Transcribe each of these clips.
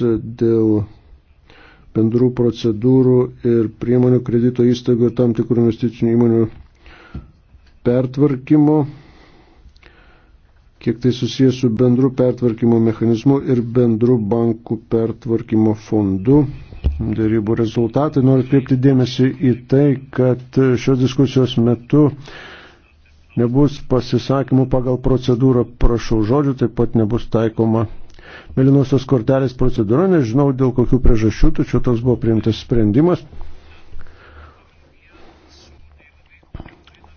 dėl bendrų procedūrų ir priemonių kredito įstaigų ir tam tikrų investicinių įmonių pertvarkymo, kiek tai susijęs su bendru pertvarkymo mechanizmu ir bendru bankų pertvarkymo fondu. Dėrybų rezultatai. Noriu kreipti dėmesį į tai, kad šios diskusijos metu nebus pasisakymų pagal procedūrą prašau žodžių, taip pat nebus taikoma melinosios kortelės procedūra, nežinau dėl kokių priežasčių, tačiau toks buvo priimtas sprendimas.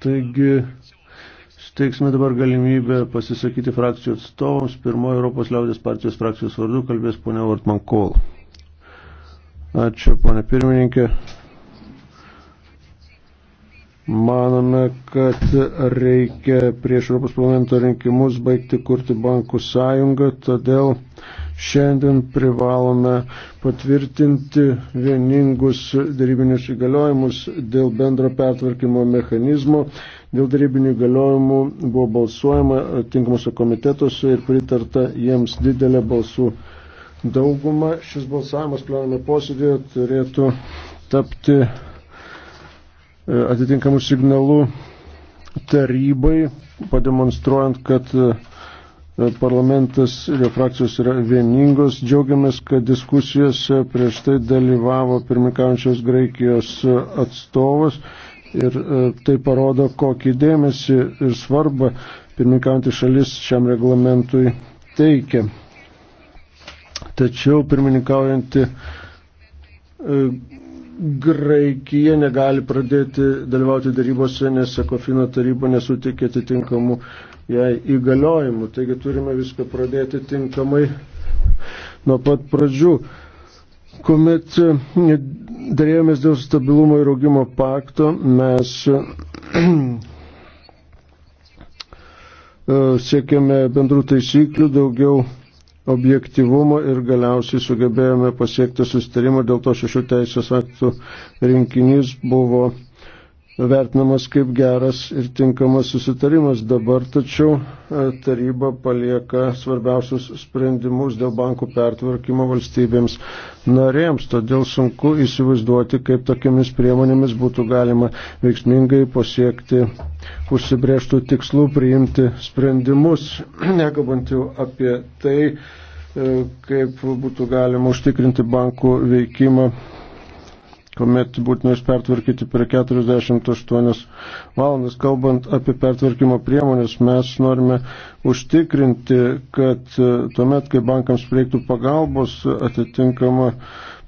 Taigi, steiksime dabar galimybę pasisakyti frakcijų atstovams. Pirmoji Europos liaudės partijos frakcijos vardu kalbės ponia Vartman Kol. Ačiū, ponia pirmininkė. Manome, kad reikia prieš Europos parlamento rinkimus baigti kurti bankų sąjungą, todėl šiandien privalome patvirtinti vieningus darybinius įgaliojimus dėl bendro pertvarkymo mechanizmo. Dėl darybinių įgaliojimų buvo balsuojama tinkamuose komitetuose ir pritarta jiems didelė balsų dauguma. Šis balsavimas plename posėdėje turėtų tapti E, atitinkamų signalų tarybai, pademonstruojant, kad e, parlamentas ir jo frakcijos yra vieningos. Džiaugiamės, kad diskusijose prieš tai dalyvavo pirmikaujančios Graikijos atstovas ir e, tai parodo, kokį dėmesį ir svarbą pirmikaujantį šalis šiam reglamentui teikia. Tačiau pirmininkaujantį Graikija negali pradėti dalyvauti darybose, nes Ekofino taryba nesutikė atitinkamų jai įgaliojimų. Taigi turime viską pradėti tinkamai nuo pat pradžių. Kuomet darėjomės dėl stabilumo ir augimo pakto, mes siekiame bendrų taisyklių, daugiau objektivumo ir galiausiai sugebėjome pasiekti sustarimą, dėl to šešių teisės aktų rinkinys buvo vertinamas kaip geras ir tinkamas susitarimas. Dabar tačiau e, taryba palieka svarbiausius sprendimus dėl bankų pertvarkymo valstybėms narėms. Todėl sunku įsivaizduoti, kaip tokiamis priemonėmis būtų galima veiksmingai pasiekti užsibrieštų tikslų priimti sprendimus, nekalbant jau apie tai, e, kaip būtų galima užtikrinti bankų veikimą kuomet būtina jas pertvarkyti per 48 valandas. Kalbant apie pertvarkymo priemonės, mes norime užtikrinti, kad e, tuomet, kai bankams reiktų pagalbos, atitinkama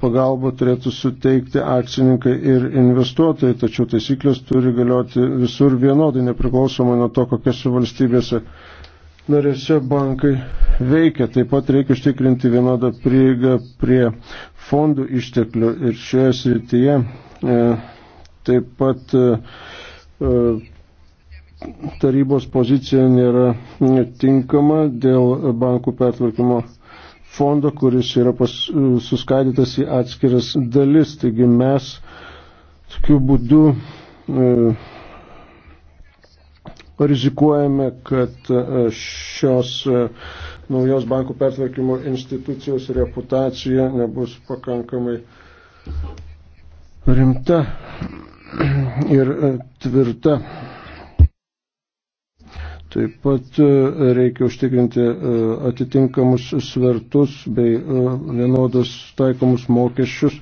pagalba turėtų suteikti akcininkai ir investuotojai, tačiau taisyklės turi galioti visur vienodai, nepriklausomai nuo to, kokiose valstybėse narėse bankai veikia. Taip pat reikia užtikrinti vienodą prieigą prie fondų išteklių ir šioje srityje e, taip pat e, e tarybos pozicija nėra tinkama dėl bankų pertvarkymo fondo, kuris yra pas, e, suskaidytas į atskiras dalis. Taigi mes tokiu būdu e, rizikuojame, kad e, šios e, naujos bankų pertvarkymo institucijos reputacija nebus pakankamai rimta ir e, tvirta. Taip pat reikia užtikrinti atitinkamus svertus bei vienodas taikomus mokesčius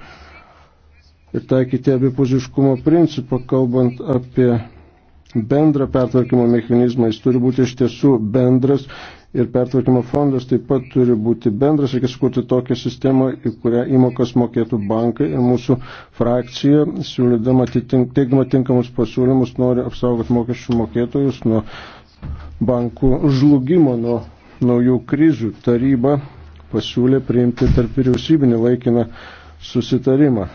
ir taikyti abipuziškumo principą, kalbant apie bendrą pertvarkymo mechanizmą, jis turi būti iš tiesų bendras ir pertvarkymo fondas taip pat turi būti bendras, reikia sukurti tokią sistemą, į kurią įmokas mokėtų bankai ir mūsų frakcija, siūlydama teikdama tinkamus pasiūlymus, nori apsaugoti mokesčių mokėtojus nuo bankų žlugimo, nuo naujų krizių. Taryba pasiūlė priimti tarp vyriausybinį laikiną susitarimą.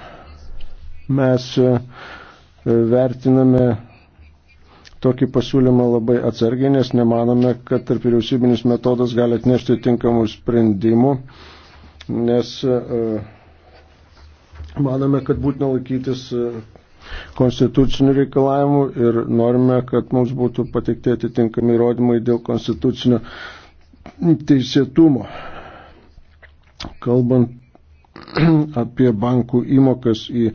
Mes e, vertiname tokį pasiūlymą labai atsargiai, nes nemanome, kad tarp vyriausybinis metodas gali atnešti tinkamų sprendimų, nes e, manome, kad būtina laikytis e, konstitucinių reikalavimų ir norime, kad mums būtų pateikti atitinkami įrodymai dėl konstitucinio teisėtumo. Kalbant apie bankų įmokas į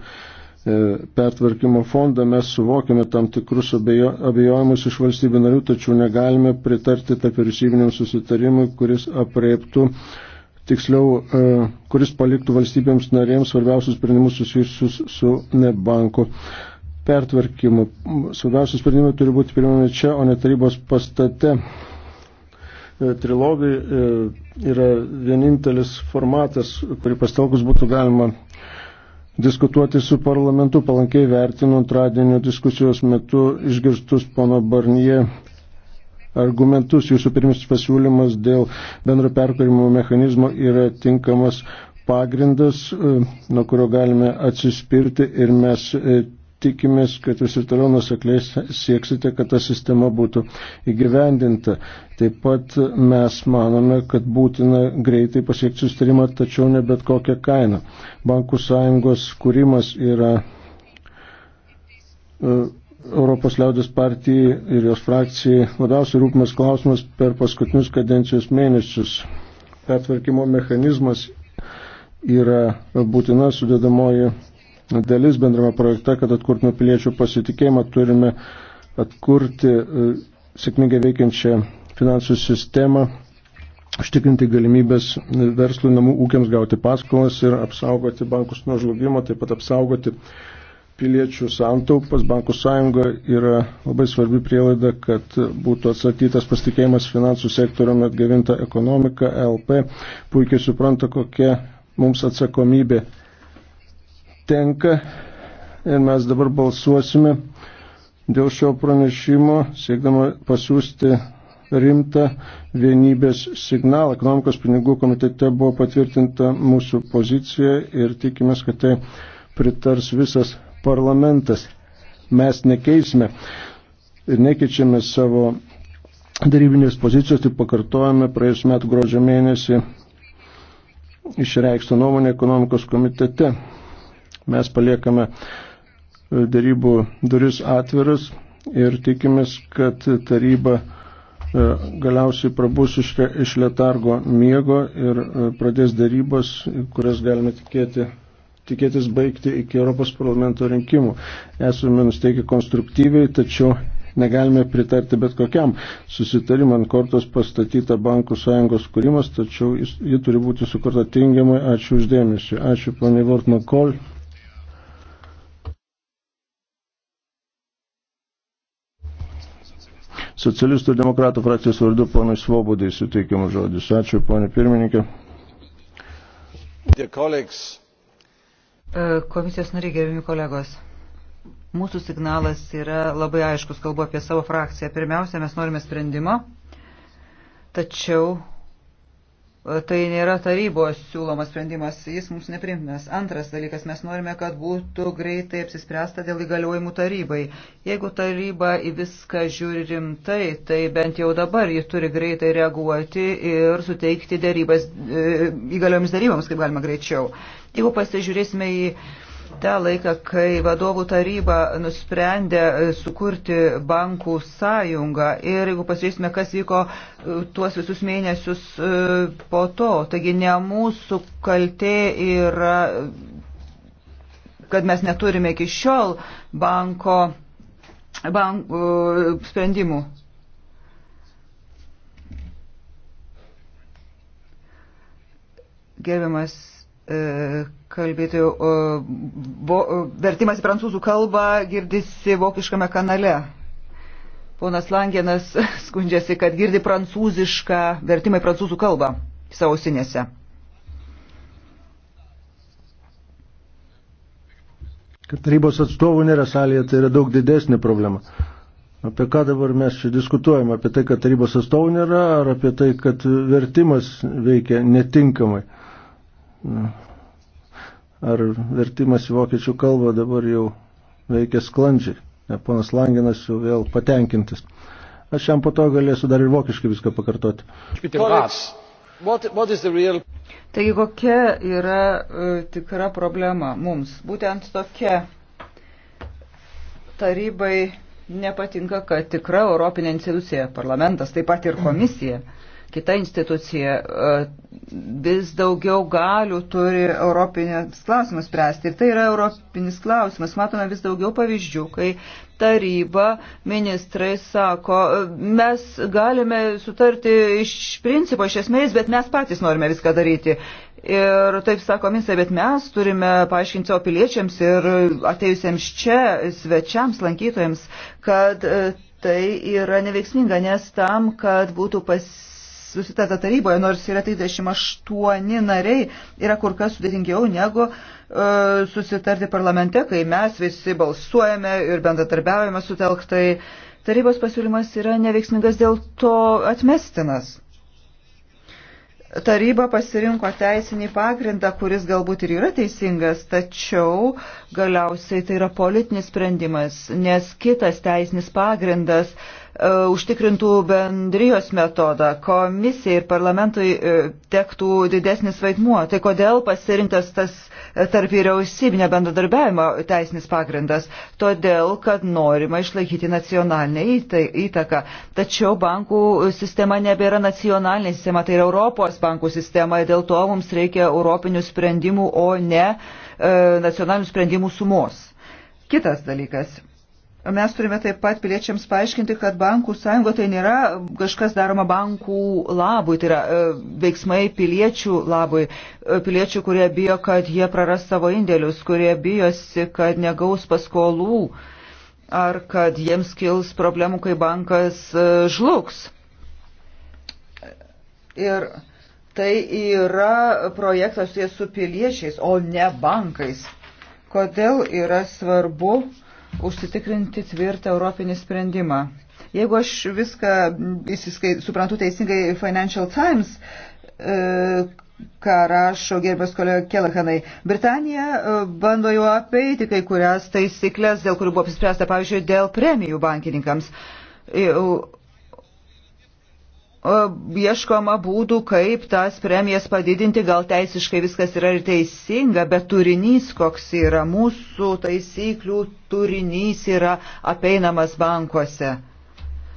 E, pertvarkymo fondą mes suvokiame tam tikrus abejojimus iš valstybių narių, tačiau negalime pritarti tarp vyriausybiniam susitarimui, kuris apreiptų tiksliau, e, kuris paliktų valstybėms narėms svarbiausius sprendimus susijusius su nebanku pertvarkymu. Svarbiausius sprendimai turi būti priimami čia, o ne tarybos pastate. E, trilogai yra vienintelis formatas, kurį pastelkus būtų galima diskutuoti su parlamentu. Palankiai vertinu antradienio diskusijos metu išgirstus pono Barnie argumentus. Jūsų pirmis pasiūlymas dėl bendro perkūrimo mechanizmo yra tinkamas pagrindas, e, nuo kurio galime atsispirti ir mes e, tikimės, kad jūs ir toliau nusakliai sieksite, kad ta sistema būtų įgyvendinta. Taip pat mes manome, kad būtina greitai pasiekti sustarimą, tačiau ne bet kokią kainą. Bankų sąjungos kūrimas yra. Uh, Europos liaudės partijai ir jos frakcijai labiausiai rūpimas klausimas per paskutinius kadencijos mėnesius. Pertvarkymo mechanizmas yra būtina sudėdamoji dalis bendrame projekte, kad atkurtume piliečių pasitikėjimą, turime atkurti e, sėkmingai veikiančią finansų sistemą, užtikrinti galimybės verslui namų ūkiams gauti paskolas ir apsaugoti bankus nuo žlugimo, taip pat apsaugoti piliečių santaupas. Bankų sąjunga yra labai svarbi prielaida, kad būtų atsakytas pasitikėjimas finansų sektoriumi atgavinta ekonomika, LP puikiai supranta, kokia mums atsakomybė tenka ir mes dabar balsuosime dėl šio pranešimo, siekdama pasiūsti rimtą vienybės signalą. Ekonomikos pinigų komitete buvo patvirtinta mūsų pozicija ir tikimės, kad tai pritars visas parlamentas. Mes nekeisime ir nekeičiame savo darybinės pozicijos, tik pakartojame praėjusiu metu gruodžio mėnesį išreikštą nuomonę ekonomikos komitete. Mes paliekame e, darybų duris atviras ir tikimės, kad taryba e, galiausiai prabus iš, iš letargo miego ir e, pradės darybos, kurias galime tikėti, tikėtis baigti iki Europos parlamento rinkimų. Esame nusteikę konstruktyviai, tačiau negalime pritarti bet kokiam susitarimui ant kortos pastatyta bankų sąjungos kūrimas, tačiau ji turi būti sukurta tingiamai. Ačiū uždėmesi. Ačiū, ponė Vortman Kol. Socialistų ir demokratų frakcijos vardu ponui Svobodai suteikiamas žodis. Ačiū, ponė pirmininkė. E, komisijos nariai, gerbimi kolegos. Mūsų signalas yra labai aiškus, kalbu apie savo frakciją. Pirmiausia, mes norime sprendimo, tačiau Tai nėra tarybos siūlomas sprendimas, jis mums neprimtinas. Antras dalykas, mes norime, kad būtų greitai apsispręsta dėl įgaliojimų tarybai. Jeigu taryba į viską žiūri rimtai, tai bent jau dabar ji turi greitai reaguoti ir suteikti darybas, e, įgaliojimus darybams, kaip galima greičiau. Jeigu pasižiūrėsime į tą laiką, kai vadovų taryba nusprendė e, sukurti bankų sąjungą ir jeigu pasižiūrėsime, kas vyko e, tuos visus mėnesius e, po to, taigi ne mūsų kaltė yra, kad mes neturime iki šiol banko bank, sprendimų. Gerbiamas e, kalbėtojų. Vertimas į prancūzų kalbą girdisi vokiškame kanale. Ponas Langenas skundžiasi, kad girdi prancūzišką vertimą į prancūzų kalbą savo ausinėse. Kad tarybos atstovų nėra salėje, tai yra daug didesnė problema. Apie ką dabar mes čia diskutuojam? Apie tai, kad tarybos atstovų nėra, ar apie tai, kad vertimas veikia netinkamai? Na ar vertimas į vokiečių kalbą dabar jau veikia sklandžiai. Ne, ponas Langinas jau vėl patenkintas. Aš jam po to galėsiu dar ir vokiškai viską pakartoti. What, what real... Taigi kokia yra uh, tikra problema mums? Būtent tokia tarybai nepatinka, kad tikra Europinė institucija, parlamentas, taip pat ir komisija. Mm kita institucija e, vis daugiau galių turi europinės klausimus spręsti. Ir tai yra europinis klausimas. Matome vis daugiau pavyzdžių, kai taryba, ministrai sako, e, mes galime sutarti iš principo, iš esmės, bet mes patys norime viską daryti. Ir taip sako ministrai, bet mes turime paaiškinti savo piliečiams ir atėjusiems čia, svečiams, lankytojams, kad e, tai yra neveiksminga, nes tam, kad būtų pasiekti susitarta taryboje, nors yra 38 nariai, yra kur kas sudėtingiau negu e, susitarti parlamente, kai mes visi balsuojame ir bendratarbiaujame sutelktai. Tarybos pasiūlymas yra neveiksmingas, dėl to atmestinas. Taryba pasirinko teisinį pagrindą, kuris galbūt ir yra teisingas, tačiau galiausiai tai yra politinis sprendimas, nes kitas teisinis pagrindas uh, E, užtikrintų bendrijos metodą, komisijai ir parlamentui e, tektų didesnis vaidmuo. Tai kodėl pasirinktas tas tarp vyriausybinio bendradarbiavimo teisinis pagrindas? Todėl, kad norima išlaikyti nacionalinę įtaką. Tačiau bankų sistema nebėra nacionalinė sistema, tai yra Europos bankų sistema ir dėl to mums reikia europinių sprendimų, o ne e, nacionalinių sprendimų sumos. Kitas dalykas Mes turime taip pat piliečiams paaiškinti, kad bankų sąjunga tai nėra kažkas daroma bankų labui, tai yra e, veiksmai piliečių labui, e, piliečių, kurie bijo, kad jie praras savo indėlius, kurie bijosi, kad negaus paskolų ar kad jiems kils problemų, kai bankas e, žlugs. Ir tai yra projektas jie su piliečiais, o ne bankais. Kodėl yra svarbu? užsitikrinti tvirtą europinį sprendimą. Jeigu aš viską įsiskai, suprantu teisingai Financial Times, e, ką rašo gerbės kolega Kelahanai. Britanija e, bando jau apeiti kai kurias taisyklės, dėl kurių buvo apsispręsta, pavyzdžiui, dėl premijų bankininkams ieškoma būdų, kaip tas premijas padidinti, gal teisiškai viskas yra ir teisinga, bet turinys koks yra, mūsų taisyklių turinys yra apeinamas bankuose.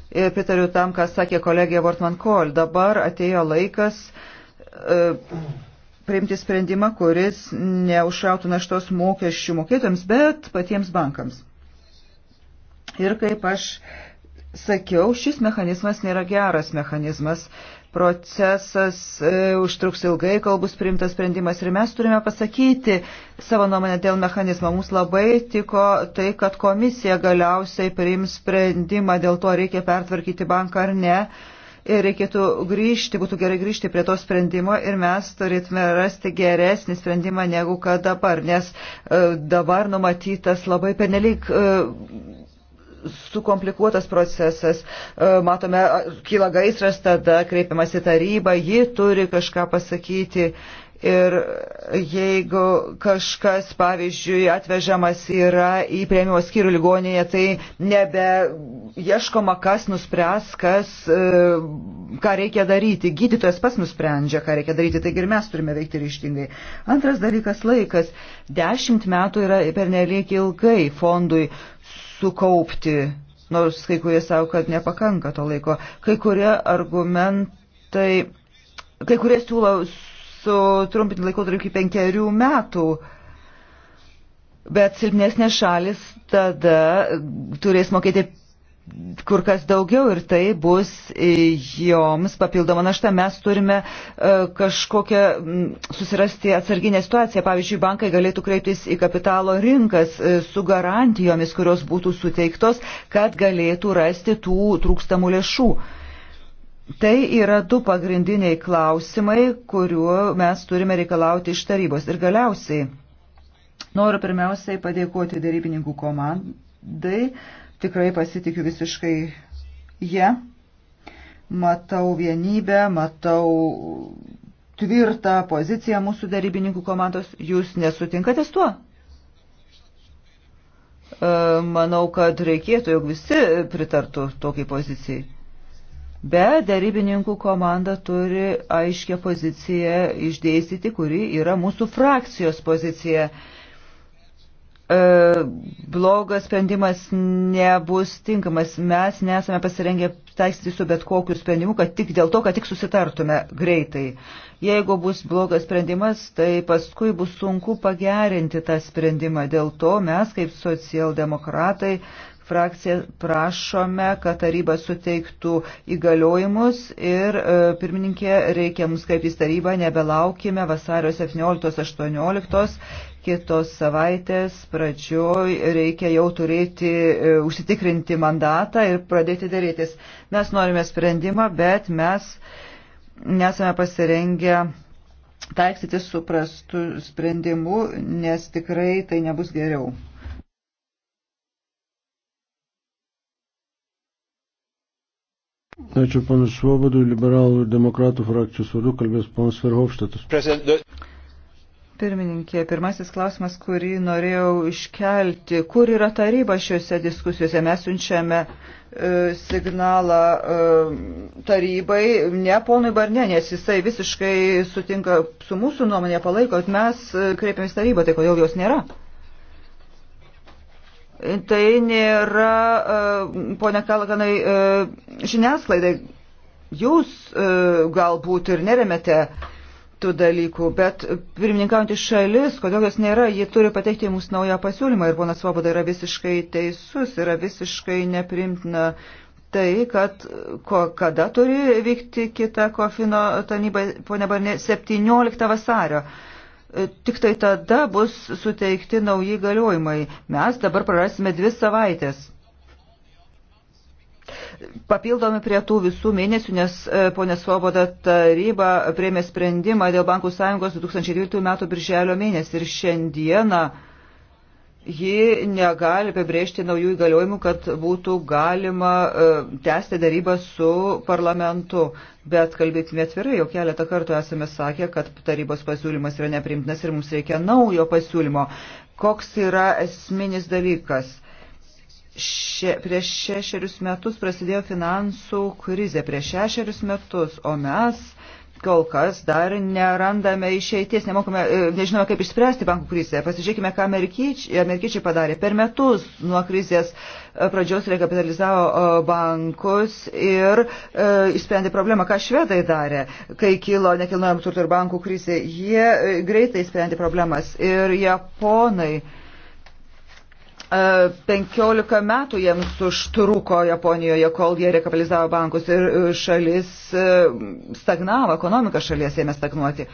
Ir pritariu tam, ką sakė kolegija Vortman Kol, dabar atėjo laikas e, priimti sprendimą, kuris neužrautų naštos mokesčių mokėtams, bet patiems bankams. Ir kaip aš e, sakiau, šis mechanizmas nėra geras mechanizmas. Procesas e, užtruks ilgai, kol bus priimtas sprendimas ir mes turime pasakyti savo nuomonę dėl mechanizmo. Mums labai tiko tai, kad komisija galiausiai priims sprendimą dėl to, reikia pertvarkyti banką ar ne. Ir reikėtų grįžti, būtų gerai grįžti prie to sprendimo ir mes turėtume rasti geresnį sprendimą negu kad dabar, nes e, dabar numatytas labai penelik. E, sukomplikuotas procesas, e, matome, kyla gaisras, tada kreipiamas į tarybą, ji turi kažką pasakyti. Ir jeigu kažkas, pavyzdžiui, atvežamas yra į prieimimo skyrių ligoninėje, tai nebe ieškoma, kas nuspręs, kas, e, ką reikia daryti. Gydytojas pats nusprendžia, ką reikia daryti, taigi ir mes turime veikti ryštingai. Antras dalykas - laikas. Dešimt metų yra pernelyg ilgai fondui sukaupti, nors kai kurie savo, kad nepakanka to laiko. Kai kurie argumentai, kai kurie siūlo sutrumpinti laikotarpį iki penkerių metų. Bet silpnesnės šalis tada turės mokėti kur kas daugiau ir tai bus joms papildoma našta. Mes turime e, kažkokią susirasti atsarginę situaciją. Pavyzdžiui, bankai galėtų kreiptis į kapitalo rinkas e, su garantijomis, kurios būtų suteiktos, kad galėtų rasti tų trūkstamų lėšų. Tai yra du pagrindiniai klausimai, kuriuo mes turime reikalauti iš tarybos. Ir galiausiai noriu pirmiausiai padėkoti darybininkų komandai Tikrai pasitikiu visiškai jie. Ja. Matau vienybę, matau tvirtą poziciją mūsų darybininkų komandos. Jūs nesutinkate su tuo? E, manau, kad reikėtų, jog visi pritartų tokiai pozicijai. Bet darybininkų komanda turi aiškę poziciją išdėstyti, kuri yra mūsų frakcijos pozicija. E, blogas sprendimas nebus tinkamas. Mes nesame pasirengę taikstyti su bet kokiu sprendimu, kad tik dėl to, kad tik susitartume greitai. Jeigu bus blogas sprendimas, tai paskui bus sunku pagerinti tą sprendimą. Dėl to mes, kaip socialdemokratai, frakcija prašome, kad taryba suteiktų įgaliojimus ir e, pirmininkė reikia mums kreiptis tarybą, nebelaukime vasario 17-18 kitos savaitės pradžioj reikia jau turėti, e, užsitikrinti mandatą ir pradėti darytis. Mes norime sprendimą, bet mes nesame pasirengę taikstytis su prastu sprendimu, nes tikrai tai nebus geriau. Ačiū panas Švobodui, liberalų ir demokratų frakcijos vadu, kalbės panas Verhofštatas. Pirmininkė, pirmasis klausimas, kurį norėjau iškelti. Kur yra taryba šiuose diskusijose? Mes siunčiame e, signalą e, tarybai, ne ponui Barne, nes jisai visiškai sutinka su mūsų nuomonė palaiko, kad mes e, kreipiamės tarybą, tai kodėl jos nėra? Tai nėra, e, ponia Kalakanai, e, žiniasklaidai. Jūs e, galbūt ir neremete. E, tų dalykų, bet pirmininkaujantį šalis, kodėl jos nėra, ji turi pateikti mums naują pasiūlymą ir ponas Svoboda yra visiškai teisus, yra visiškai neprimtina tai, kad ko, kada turi vykti kita kofino tarnyba, ponia Barnė, 17 vasario. E, tik tai tada bus suteikti nauji galiojimai. Mes dabar prarasime dvi savaitės. Papildomi prie tų visų mėnesių, nes e, ponė Svoboda taryba prieimė sprendimą dėl Bankų sąjungos 2012 m. birželio mėnesį ir šiandieną ji negali apibrėžti naujų įgaliojimų, kad būtų galima e, tęsti darybą su parlamentu. Bet kalbėkime atvirai, jau keletą kartų esame sakę, kad tarybos pasiūlymas yra neprimtinas ir mums reikia naujo pasiūlymo. Koks yra esminis dalykas? še, prieš šešerius metus prasidėjo finansų krizė, prieš šešerius metus, o mes kol kas dar nerandame išeities, nemokame, e, nežinome, kaip išspręsti bankų krizę. Pasižiūrėkime, ką amerikiečiai, amerikiečiai padarė. Per metus nuo krizės e, pradžios rekapitalizavo e, bankus ir e, išsprendė problemą, ką švedai darė, kai kilo nekilnojamų turtų ir bankų krizė. Jie greitai išsprendė problemas ir japonai. E, 15 e, metų jiems užtruko Japonijoje, kol jie rekapitalizavo bankus ir e, šalis e, stagnavo, ekonomika šalies ėmė stagnuoti.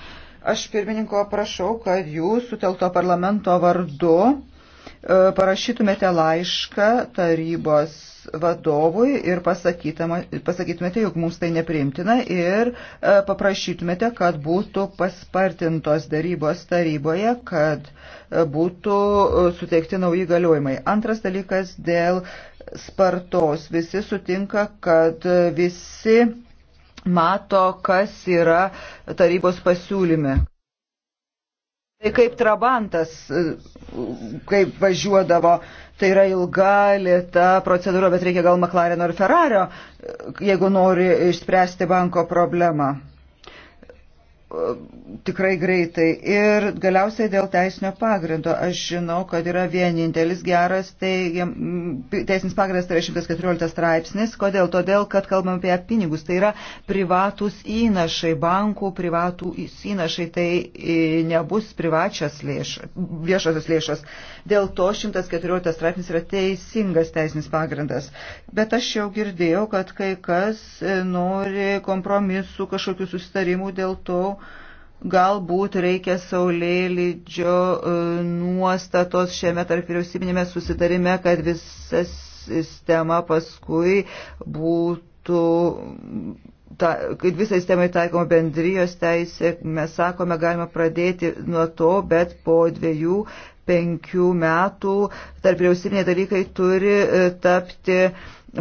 Aš pirmininko prašau, kad jūs sutelto parlamento vardu parašytumėte laišką tarybos vadovui ir pasakytumėte, jog mums tai nepriimtina ir paprašytumėte, kad būtų paspartintos darybos taryboje, kad uh, būtų e, suteikti nauji galiojimai. Antras dalykas dėl spartos. Visi sutinka, kad visi mato, kas yra tarybos pasiūlyme. Tai kaip trabantas, e, kaip važiuodavo, tai yra ilga, lėta procedūra, bet reikia gal McLareno ir Ferrario, e, jeigu nori išspręsti banko problemą tikrai greitai. Ir galiausiai dėl teisinio pagrindo. Aš žinau, kad yra vienintelis geras teigiam, teisinis pagrindas, tai yra 114 straipsnis. Kodėl? Todėl, kad kalbam apie pinigus. Tai yra privatus įnašai, bankų privatų įnašai. Tai nebus privačios lėšos, viešosios lėšos. Dėl to 114 straipsnis yra teisingas teisinis pagrindas. Bet aš jau girdėjau, kad kai kas nori kompromisų, kažkokių susitarimų dėl to, Galbūt reikia saulėlydžio e, nuostatos šiame tarp vyriausybinėme susitarime, kad visa sistema paskui būtų ta, kad visai sistemai taikoma bendrijos teisė, mes sakome, galima pradėti nuo to, bet po dviejų, penkių metų tarp vyriausybiniai dalykai turi e, tapti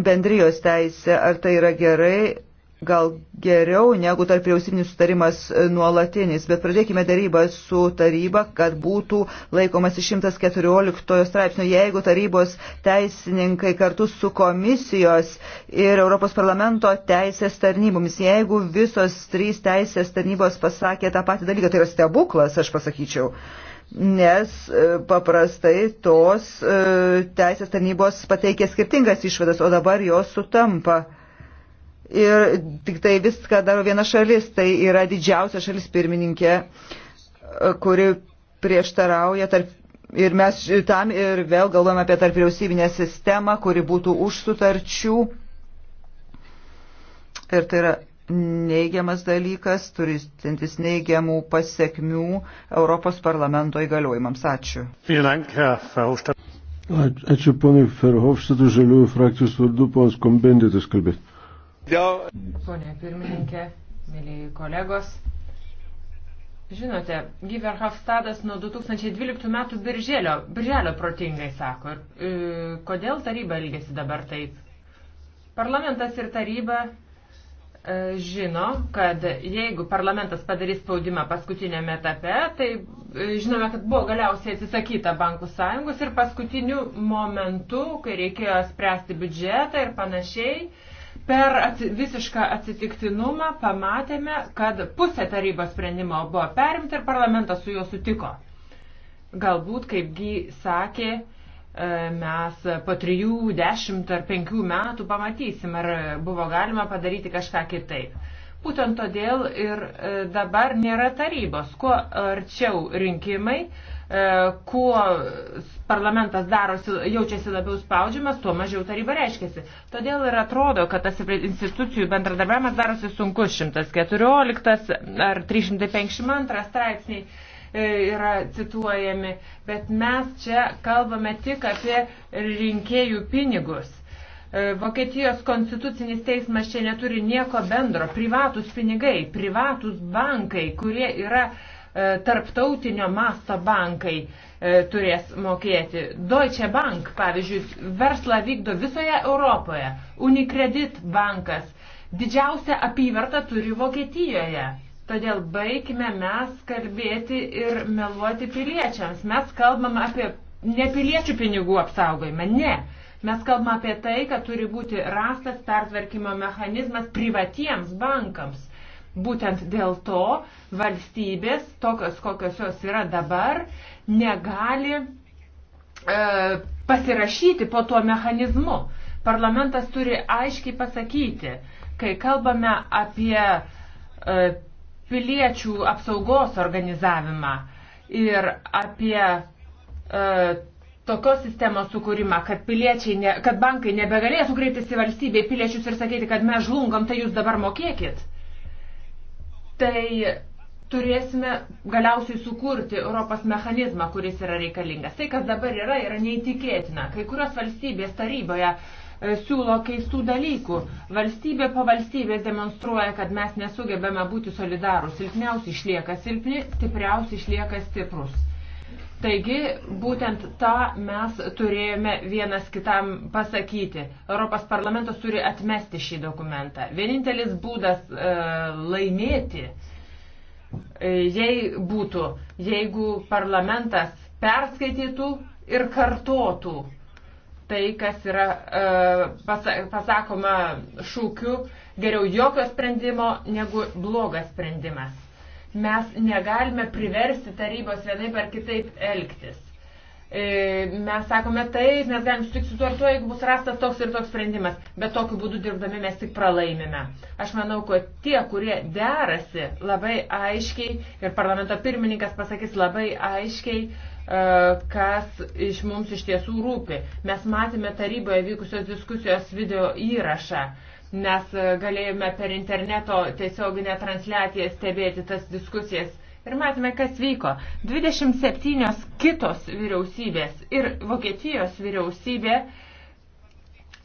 bendrijos teisė. Ar tai yra gerai? gal geriau negu tarp vyriausybinis sutarimas e, nuolatinis, bet pradėkime darybą su taryba, kad būtų laikomas 114 straipsnio, jeigu tarybos teisininkai kartu su komisijos ir Europos parlamento teisės tarnybomis, jeigu visos trys teisės tarnybos pasakė tą patį dalyką, tai yra stebuklas, aš pasakyčiau nes e, paprastai tos e, teisės tarnybos pateikia skirtingas išvadas, o dabar jos sutampa ir tik tai viską daro viena šalis, tai yra didžiausia šalis pirmininkė, kuri prieštarauja tarp. Ir mes tam ir vėl galvojame apie tarp vyriausybinę sistemą, kuri būtų už sutarčių. Ir tai yra neigiamas dalykas, turintis neigiamų pasiekmių Europos parlamento įgaliojimams. Ačiū. Ačiū ponui Ferhofstadų žaliųjų frakcijos vardu, ponas Kombenditas kalbėti. Pone pirmininkė, mėlyji kolegos. Žinote, Giverhofstadas nuo 2012 metų birželio, birželio protingai sako. Ir, e, kodėl taryba elgesi dabar taip? Parlamentas ir taryba e, žino, kad jeigu parlamentas padarys spaudimą paskutinėme etape, tai e, žinome, kad buvo galiausiai atsisakyta bankų sąjungos ir paskutiniu momentu, kai reikėjo spręsti biudžetą ir panašiai, e, per atsi visišką atsitiktinumą pamatėme, kad pusė tarybos sprendimo buvo perimta ir parlamentas su juo sutiko. Galbūt, kaipgi sakė, e, mes po trijų, dešimt ar penkių metų pamatysim, ar buvo galima padaryti kažką kitaip. Būtent todėl ir e, dabar nėra tarybos. Kuo arčiau rinkimai, E, kuo parlamentas darosi, jaučiasi labiau spaudžiamas, tuo mažiau taryba reiškiasi. Todėl ir atrodo, kad tas institucijų bendradarbiavimas darosi sunkus 114 ar 352 straipsniai e, yra cituojami, bet mes čia kalbame tik apie rinkėjų pinigus. E, Vokietijos konstitucinis teismas čia neturi nieko bendro. Privatus pinigai, privatus bankai, kurie yra uh, E, tarptautinio masto bankai e, turės mokėti. Deutsche Bank, pavyzdžiui, verslą vykdo visoje Europoje. Unicredit bankas. Didžiausia apyvarta turi Vokietijoje. Todėl baigime mes kalbėti ir meluoti piliečiams. Mes kalbam apie ne piliečių pinigų apsaugojimą, ne. Mes kalbam apie tai, kad turi būti rastas pertvarkymo mechanizmas privatiems bankams Būtent dėl to valstybės, tokios kokios jos yra dabar, negali e, pasirašyti po tuo mechanizmu. Parlamentas turi aiškiai pasakyti, kai kalbame apie e, piliečių apsaugos organizavimą ir apie e, tokios sistemos sukūrimą, kad, ne, kad bankai nebegalėtų kreiptis į valstybę piliečius ir sakyti, kad mes žlungam, tai jūs dabar mokėkit tai turėsime galiausiai sukurti Europos mechanizmą, kuris yra reikalingas. Tai, kas dabar yra, yra neįtikėtina. Kai kurios valstybės taryboje e, siūlo keistų dalykų. Valstybė po valstybės demonstruoja, kad mes nesugebame būti solidarūs. Silpniausi išlieka silpni, stipriausi išlieka stiprus. Taigi, būtent tą mes turėjome vienas kitam pasakyti. Europos parlamentas turi atmesti šį dokumentą. Vienintelis būdas e, laimėti, e, jei būtų, jeigu parlamentas perskaitytų ir kartotų tai, kas yra e, pasa, pasakoma šūkiu, geriau jokio sprendimo negu blogas sprendimas. Mes negalime priversti tarybos vienaip ar kitaip elgtis. E, mes sakome taip, mes galim sutikti su tuo ar tuo, jeigu bus rastas toks ir toks sprendimas, bet tokiu būdu dirbdami mes tik pralaimime. Aš manau, kad tie, kurie derasi labai aiškiai ir parlamento pirmininkas pasakys labai aiškiai, e, kas iš mums iš tiesų rūpi. Mes matėme taryboje vykusios diskusijos video įrašą. Mes e, galėjome per interneto tiesioginę transliaciją stebėti tas diskusijas ir matome, kas vyko. 27 kitos vyriausybės ir Vokietijos vyriausybė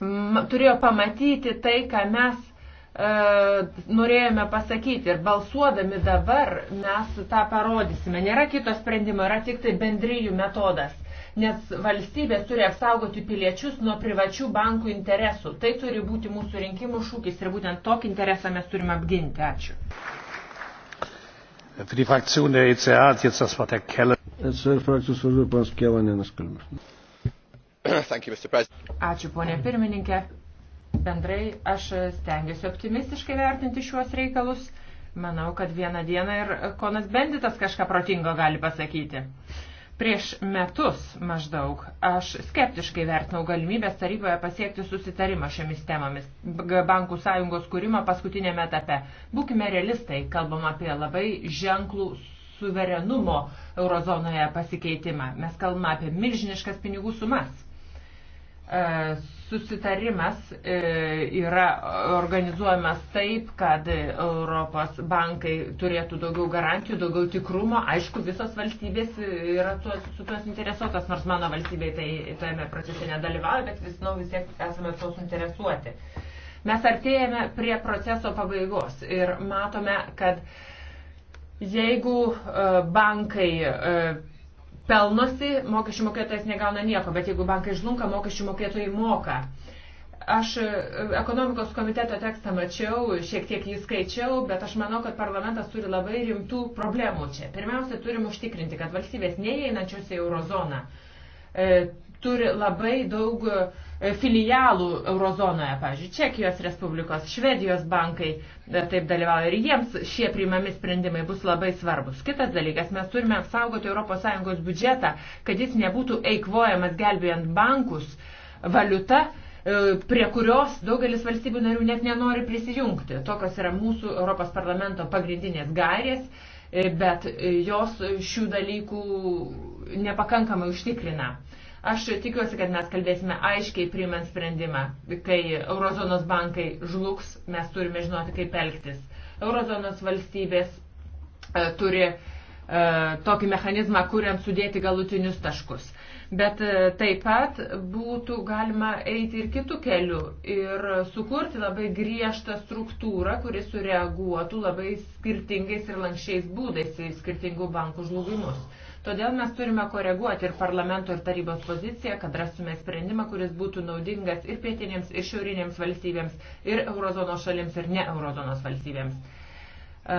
m, turėjo pamatyti tai, ką mes e, norėjome pasakyti ir balsuodami dabar mes tą parodysime. Nėra kito sprendimo, yra tik tai bendryjų metodas nes valstybės turi apsaugoti piliečius nuo privačių bankų interesų. Tai turi būti mūsų rinkimų šūkis ir būtent tokį interesą mes turime apginti. Ačiū. Für die Fraktion der ECR hat jetzt das Wort Herr Keller. ECR frakcijos vardu panas Kielanėnas kalbės. Ačiū, ponė pirmininkė. Bendrai aš stengiuosi optimistiškai vertinti šiuos reikalus. Manau, kad vieną dieną ir Konas Benditas kažką protingo gali pasakyti. Prieš metus maždaug aš skeptiškai vertinau galimybės taryboje pasiekti susitarimą šiomis temomis bankų sąjungos kūrimo paskutinėme etape. Būkime realistai, kalbam apie labai ženklų suverenumo eurozonoje pasikeitimą. Mes kalbame apie milžiniškas pinigų sumas. E, susitarimas e, yra organizuojamas taip, kad Europos bankai turėtų daugiau garantijų, daugiau tikrumo. Aišku, visos valstybės yra tuos, su tuos interesuotas, nors mano valstybė tai tame procese nedalyvauja, bet vis, nu, vis tiek esame tuos interesuoti. Mes artėjame prie proceso pabaigos ir matome, kad jeigu e, bankai pelnosi, mokesčių mokėtojas negauna nieko, bet jeigu bankai žlunka, mokesčių mokėtojai moka. Aš e, ekonomikos komiteto tekstą mačiau, šiek tiek jį skaičiau, bet aš manau, kad parlamentas turi labai rimtų problemų čia. Pirmiausia, turim užtikrinti, kad valstybės neįeinančios į eurozoną e, turi labai daug e, E, filialų eurozonoje, pavyzdžiui, Čekijos Respublikos, Švedijos bankai e, taip dalyvauja ir jiems šie priimami sprendimai bus labai svarbus. Kitas dalykas, mes turime apsaugoti ES biudžetą, kad jis nebūtų eikvojamas gelbėjant bankus valiuta, e, prie kurios daugelis valstybių narių net nenori prisijungti. Tokios yra mūsų Europos parlamento pagrindinės gairės, bet jos šių dalykų nepakankamai užtikrina. Aš tikiuosi, kad mes kalbėsime aiškiai priimant sprendimą. Kai eurozonos bankai žlugs, mes turime žinoti, kaip elgtis. Eurozonos valstybės e, turi e, tokį mechanizmą, kuriant sudėti galutinius taškus. Bet e, taip pat būtų galima eiti ir kitų kelių ir sukurti labai griežtą struktūrą, kuri sureaguotų labai skirtingais ir lankščiais būdais į skirtingų bankų žlugimus. E, Todėl mes turime koreguoti ir parlamento ir tarybos poziciją, kad rastume sprendimą, kuris būtų naudingas ir pietinėms, ir šiaurinėms valstybėms, ir eurozonos šalims, ir ne eurozonos valstybėms. E,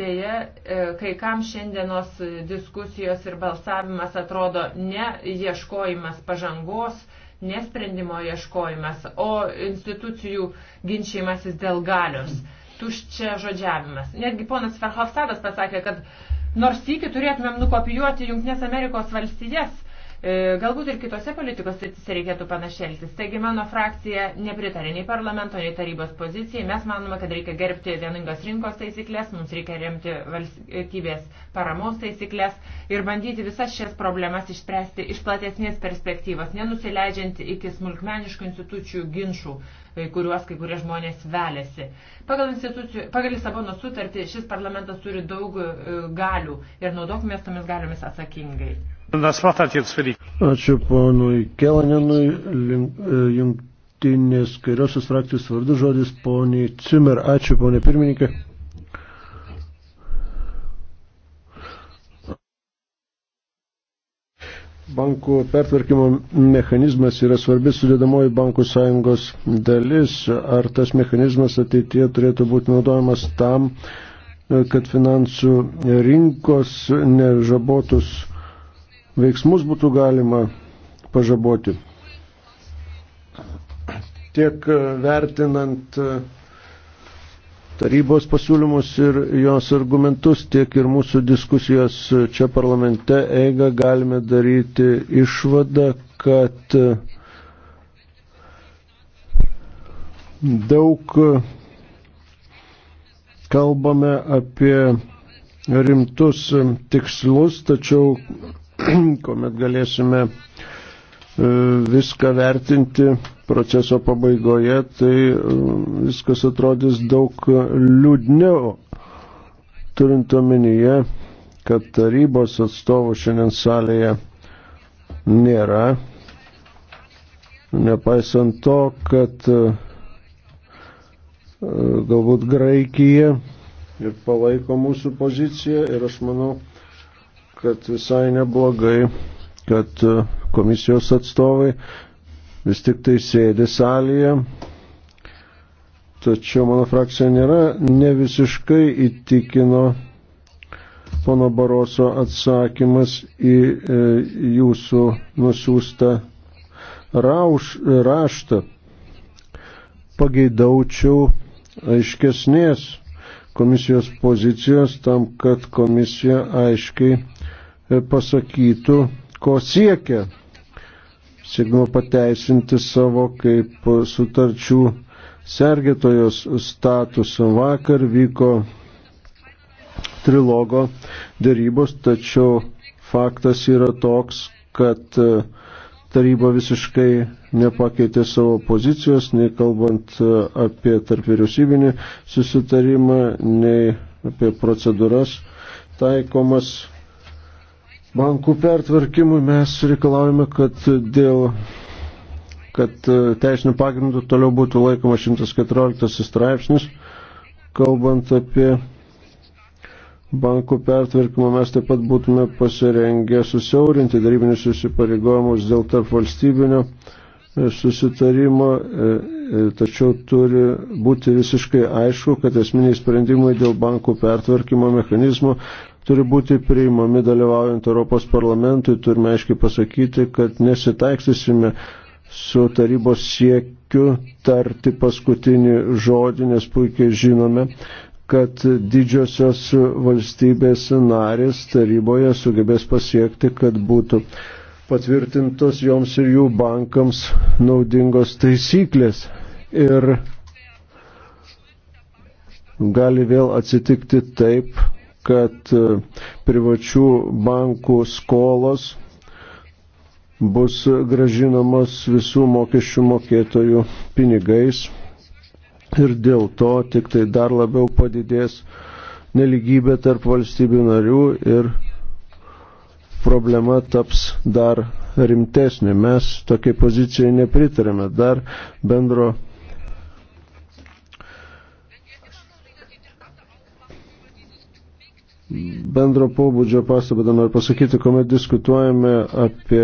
Deja, e, kai kam šiandienos diskusijos ir balsavimas atrodo ne ieškojimas pažangos, ne sprendimo ieškojimas, o institucijų ginčiamasis dėl galios, tuščia žodžiavimas. Netgi ponas Ferhofstadas pasakė, kad uh, Nors iki turėtumėm nukopijuoti Junktinės Amerikos valstijas, E, galbūt ir kitose politikos srityse reikėtų panašeltis. Taigi mano frakcija nepritarė nei parlamento, nei tarybos pozicijai. Mes manome, kad reikia gerbti vieningos rinkos taisyklės, mums reikia remti valstybės paramos taisyklės ir bandyti visas šias problemas išspręsti iš platesnės perspektyvos, nenusileidžiant iki smulkmeniškų institucijų ginčių, e, kuriuos kai kurie žmonės velėsi. Pagal, pagal Lisabono sutartį šis parlamentas turi daug e, galių ir naudokime tomis galiomis atsakingai. Ačiū ponui Kelaninui, e, jungtinės kairiosios frakcijos vardu žodis poniai Cimer. Ačiū ponė pirmininkė. Bankų pertvarkymo mechanizmas yra svarbi sudėdamoji bankų sąjungos dalis. Ar tas mechanizmas ateitie turėtų būti naudojamas tam, kad finansų rinkos nežabotus veiksmus būtų galima pažaboti. Tiek e, vertinant e, tarybos pasiūlymus ir jos argumentus, tiek ir mūsų diskusijos čia parlamente eiga galime daryti išvadą, kad e, daug kalbame apie rimtus tikslus, tačiau kuomet galėsime e, viską vertinti proceso pabaigoje, tai e, viskas atrodys daug liūdniau, turint omenyje, kad tarybos atstovų šiandien salėje nėra. Nepaisant to, kad e, galbūt Graikija ir palaiko mūsų poziciją ir aš manau, kad visai neblogai, kad e, komisijos atstovai vis tik tai sėdi salėje. Tačiau mano frakcija nėra, ne visiškai įtikino pono Baroso atsakymas į e, jūsų nusiųstą rauš, raštą. Pageidaučiau aiškesnės komisijos pozicijos tam, kad komisija aiškiai E, pasakytų, ko siekia, siekdama pateisinti savo kaip sutarčių sergėtojos statusą. Vakar vyko trilogo dėrybos, tačiau faktas yra toks, kad e, taryba visiškai nepakeitė savo pozicijos, nei kalbant e, apie tarp vyriausybinį susitarimą, nei apie procedūras taikomas bankų pertvarkymui mes reikalaujame, kad dėl kad e, teisinių pagrindų toliau būtų laikoma 114 straipsnis, kalbant apie bankų pertvarkymą, mes taip pat būtume pasirengę susiaurinti darybinius susipareigojimus dėl tarp valstybinio e, susitarimo, e, tačiau turi būti visiškai aišku, kad esminiai sprendimai dėl bankų pertvarkymo mechanizmo turi būti priimami dalyvaujant Europos parlamentui, turime aiškiai pasakyti, kad nesitaiksysime su tarybos siekiu tarti paskutinį žodį, nes puikiai žinome, kad didžiosios valstybės narės taryboje sugebės pasiekti, kad būtų patvirtintos joms ir jų bankams naudingos taisyklės. Ir gali vėl atsitikti taip, kad e, privačių bankų skolos bus gražinamos visų mokesčių mokėtojų pinigais ir dėl to tik tai dar labiau padidės neligybė tarp valstybių narių ir problema taps dar rimtesnė. Mes tokiai pozicijai nepritarėme. Dar bendro bendro pobūdžio pastabą dar noriu pasakyti, kuomet diskutuojame apie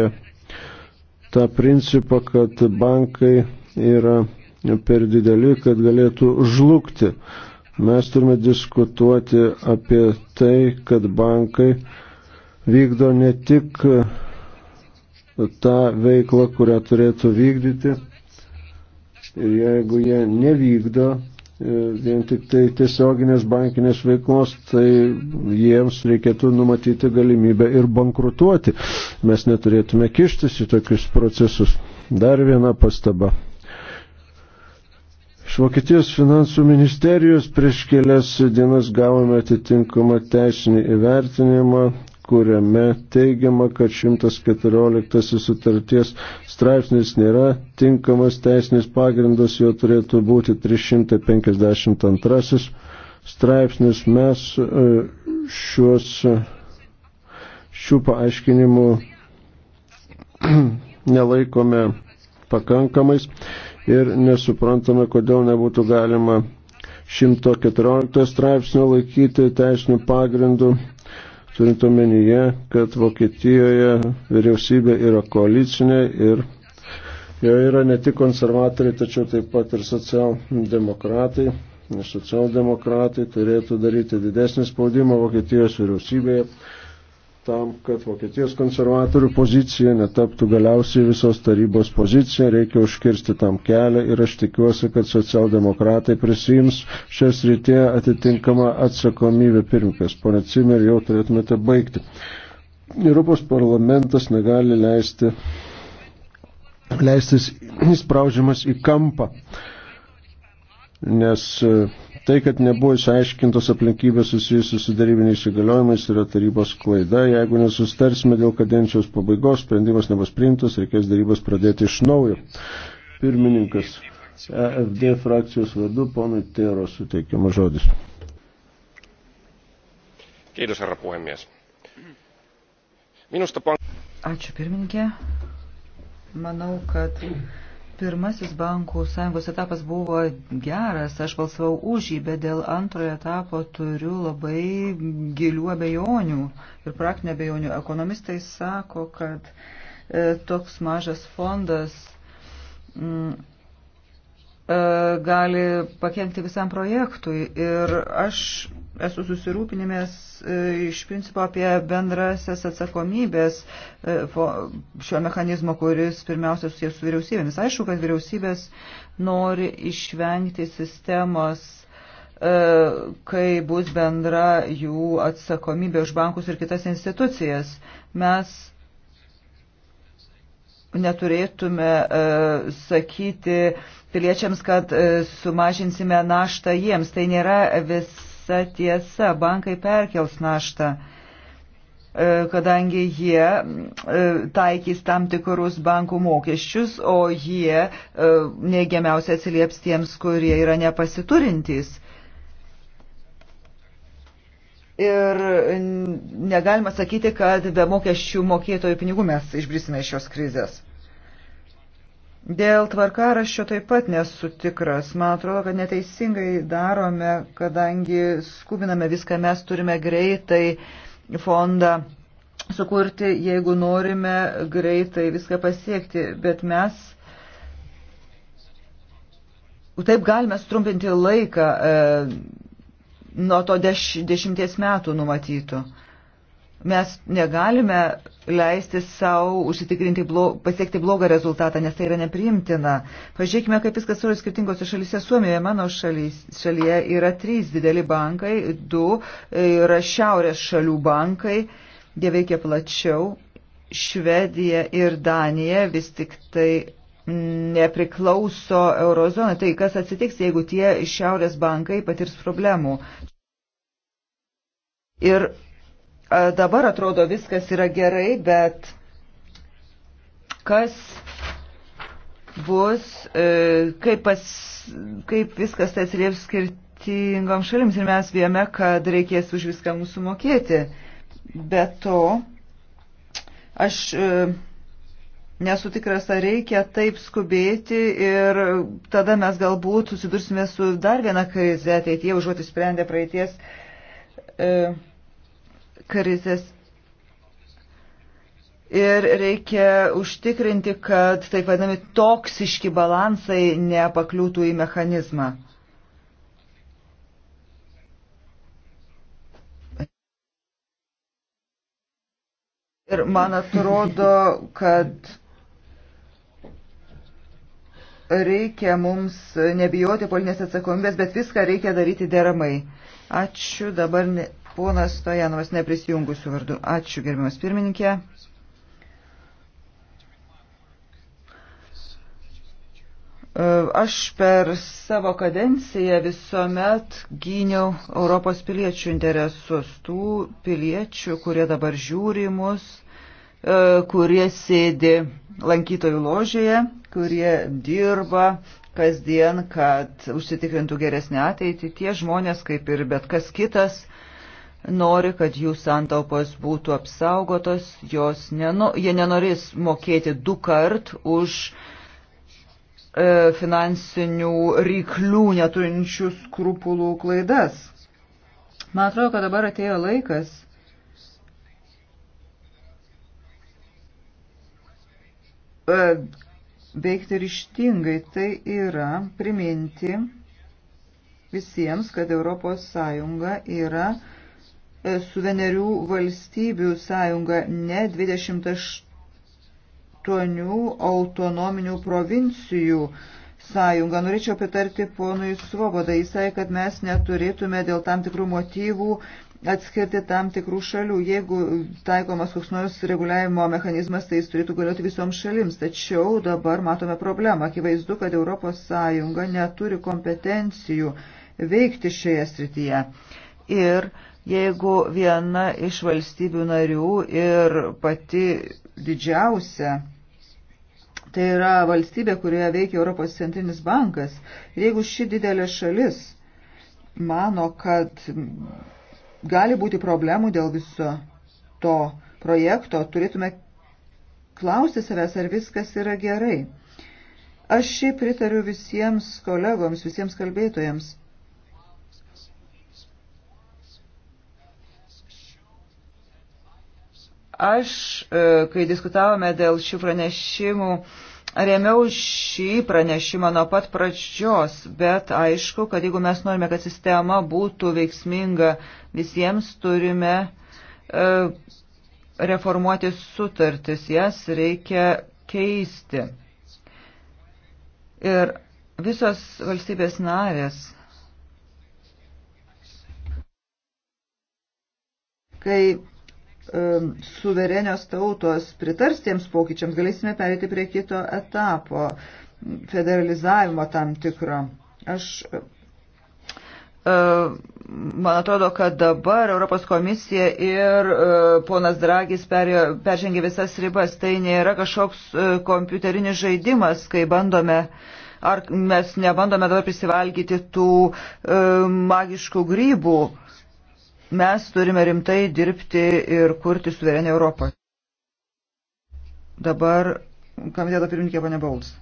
tą principą, kad bankai yra per dideli, kad galėtų žlugti. Mes turime diskutuoti apie tai, kad bankai vykdo ne tik tą veiklą, kurią turėtų vykdyti, ir jeigu jie nevykdo E, vien tik tai tiesioginės bankinės veiklos, tai jiems reikėtų numatyti galimybę ir bankrutuoti. Mes neturėtume kištis į tokius procesus. Dar viena pastaba. Iš Vokietijos finansų ministerijos prieš kelias dienas gavome atitinkamą teisinį įvertinimą, kuriame teigiama, kad 114 sutarties straipsnis nėra tinkamas teisinis pagrindas, jo turėtų būti 352 straipsnis. Mes e, šiuos šių paaiškinimų nelaikome pakankamais ir nesuprantame, kodėl nebūtų galima 114 straipsnio laikyti teisinių pagrindų turint omenyje, kad Vokietijoje vyriausybė yra koalicinė ir jo yra ne tik konservatoriai, tačiau taip pat ir socialdemokratai. Socialdemokratai turėtų daryti didesnį spaudimą Vokietijos vyriausybėje tam, kad Vokietijos konservatorių pozicija netaptų galiausiai visos tarybos pozicija, reikia užkirsti tam kelią ir aš tikiuosi, kad socialdemokratai prisims šias rytėje atitinkamą atsakomybę pirmkas. Pone Cimer, jau turėtumėte baigti. Europos parlamentas negali leisti, leistis įspraudžiamas į kampą, nes Tai, kad nebuvo išaiškintos aplinkybės susijusios su darybiniais įgaliojimais, yra tarybos klaida. Jeigu nesustarsime dėl kadencijos pabaigos, sprendimas nebus priimtas, reikės darybas pradėti iš naujo. Pirmininkas EFD frakcijos vardu, ponui Tero suteikiamas žodis. Kiitos, herra puhemies. Minusta pan... Ačiū pirmininkė. Manau, kad Pirmasis bankų sąjungos etapas buvo geras, aš balsavau už jį, bet dėl antrojo etapo turiu labai gilių abejonių ir praktinio abejonių. Ekonomistai sako, kad e, toks mažas fondas mm, e, gali pakengti visam projektui ir aš esu susirūpinimės e, iš principo apie bendrasias atsakomybės e, šio mechanizmo, kuris pirmiausia susijęs su vyriausybėmis. Aišku, kad vyriausybės nori išvengti sistemos e, kai bus bendra jų atsakomybė už bankus ir kitas institucijas. Mes neturėtume sakyti piliečiams, kad sumažinsime naštą jiems. Tai nėra vis visa tiesa. Bankai perkels naštą e, kadangi jie e, taikys tam tikrus bankų mokesčius, o jie e, neigiamiausiai atsilieps tiems, kurie yra nepasiturintys. Ir negalima sakyti, kad be mokesčių mokėtojų pinigų mes išbrisime iš šios krizės. Dėl tvarkaraščio taip pat nesu tikras. Man atrodo, kad neteisingai darome, kadangi skubiname viską, mes turime greitai fondą sukurti, jeigu norime greitai viską pasiekti, bet mes taip galime strumpinti laiką e, nuo to deš, dešimties metų numatytų. E, mes negalime leisti savo užsitikrinti blo, pasiekti blogą rezultatą, nes tai yra nepriimtina. Pažiūrėkime, kaip viskas yra skirtingose šalyse. Suomijoje, mano šalys, šalyje yra trys dideli bankai, du yra šiaurės šalių bankai, jie veikia plačiau. Švedija ir Danija vis tik tai nepriklauso eurozonai. Tai kas atsitiks, jeigu tie šiaurės bankai patirs problemų? Ir Dabar atrodo viskas yra gerai, bet kas bus, e, kaip, pas, kaip viskas tai atsilieps skirtingom šalims ir mes bijome, kad reikės už viską mūsų mokėti. Be to, aš e, nesu tikras, ar reikia taip skubėti ir tada mes galbūt susidursime su dar viena krize ateityje, užuot įsprendę praeities. E, krizės. Ir reikia užtikrinti, kad taip vadinami toksiški balansai nepakliūtų į mechanizmą. Ir man atrodo, kad reikia mums nebijoti politinės atsakomybės, bet viską reikia daryti deramai. Ačiū dabar. Ne... Ponas Stojanovas neprisijungusių vardu. Ačiū, gerbiamas pirmininkė. E, aš per savo kadenciją visuomet gyniau Europos piliečių interesus, tų piliečių, kurie dabar žiūri mus, e, kurie sėdi lankytojų ložėje, kurie dirba kasdien, kad užsitikrintų geresnį ateitį. Tie žmonės, kaip ir bet kas kitas, nori, kad jų santaupos būtų apsaugotos, jos neno, jie nenorės mokėti du kart už e, finansinių ryklių neturinčių skrupulų klaidas. Man atrodo, kad dabar atėjo laikas e, veikti ryštingai, tai yra priminti visiems, kad Europos Sąjunga yra suvenerių valstybių sąjunga, ne 28 autonominių provincijų sąjunga. Norėčiau pritarti ponui Svobodai, jisai, kad mes neturėtume dėl tam tikrų motyvų atskirti tam tikrų šalių. Jeigu taikomas koks nors reguliavimo mechanizmas, tai jis turėtų galioti visoms šalims. Tačiau dabar matome problemą. Akivaizdu, kad ES neturi kompetencijų veikti šioje srityje. Ir uh, Jeigu viena iš valstybių narių ir pati didžiausia tai yra valstybė, kurioje veikia Europos centrinis bankas. Ir jeigu ši didelė šalis mano, kad gali būti problemų dėl viso to projekto, turėtume klausti savęs, ar viskas yra gerai. Aš šiaip pritariu visiems kolegoms, visiems kalbėtojams. Aš, e, kai diskutavome dėl šių pranešimų, remiau šį pranešimą nuo pat pradžios, bet aišku, kad jeigu mes norime, kad sistema būtų veiksminga visiems, turime e, reformuoti sutartis, jas reikia keisti. Ir visos valstybės narės, kai Um, suverenios tautos pritars tiems pokyčiams, galėsime perėti prie kito etapo, federalizavimo tam tikro. Aš uh, man atrodo, kad dabar Europos komisija ir uh, ponas Dragis perėjo, peržengė visas ribas. Tai nėra kažkoks uh, kompiuterinis žaidimas, kai bandome, ar mes nebandome dabar prisivalgyti tų magiškų grybų mes turime rimtai dirbti ir kurti suverenę Europą. Dabar komiteto pirmininkė pane Bauls.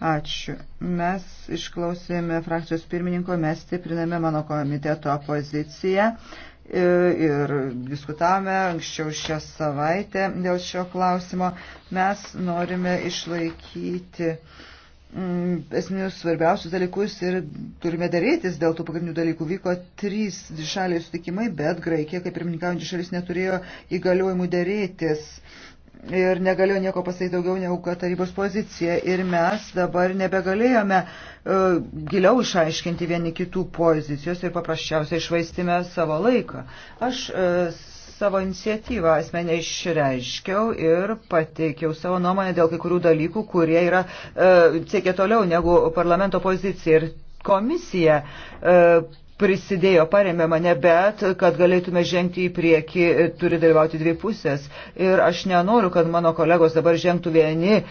Ačiū. Mes išklausėme frakcijos pirmininko, mes stipriname mano komiteto poziciją e, ir diskutavome anksčiau šią savaitę dėl šio klausimo. Mes norime išlaikyti uh, Mm, esminius svarbiausius dalykus ir turime darytis dėl tų pagrindinių dalykų. Vyko trys dvišaliai sutikimai, bet Graikija, kaip pirmininkaujantį šalis, neturėjo įgaliojimų darytis. Ir negalėjo nieko pasakyti daugiau negu kad tarybos pozicija. Ir mes dabar nebegalėjome uh, giliau išaiškinti vieni kitų pozicijos ir paprasčiausiai išvaistėme savo laiką. Aš uh, savo iniciatyvą asmenę išreiškiau ir pateikiau savo nuomonę dėl kai kurių dalykų, kurie yra e, siekia toliau negu parlamento pozicija. Ir komisija e, prisidėjo, paremė mane, bet kad galėtume žengti į priekį, e, turi dalyvauti dvi pusės. Ir aš nenoriu, kad mano kolegos dabar žengtų vieni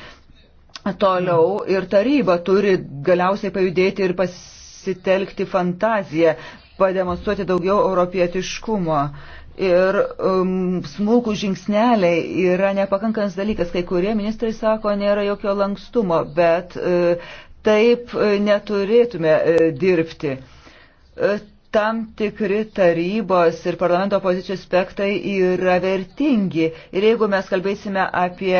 toliau ir taryba turi galiausiai pajudėti ir pasitelkti fantaziją, pademonstruoti daugiau europietiškumo. Uh, Ir um, smulkų žingsneliai yra nepakankamas dalykas. Kai kurie ministrai sako, nėra jokio lankstumo, bet uh, taip uh, neturėtume uh, dirbti. Uh, tam tikri tarybos ir parlamento pozicijų spektai yra vertingi. Ir jeigu mes kalbėsime apie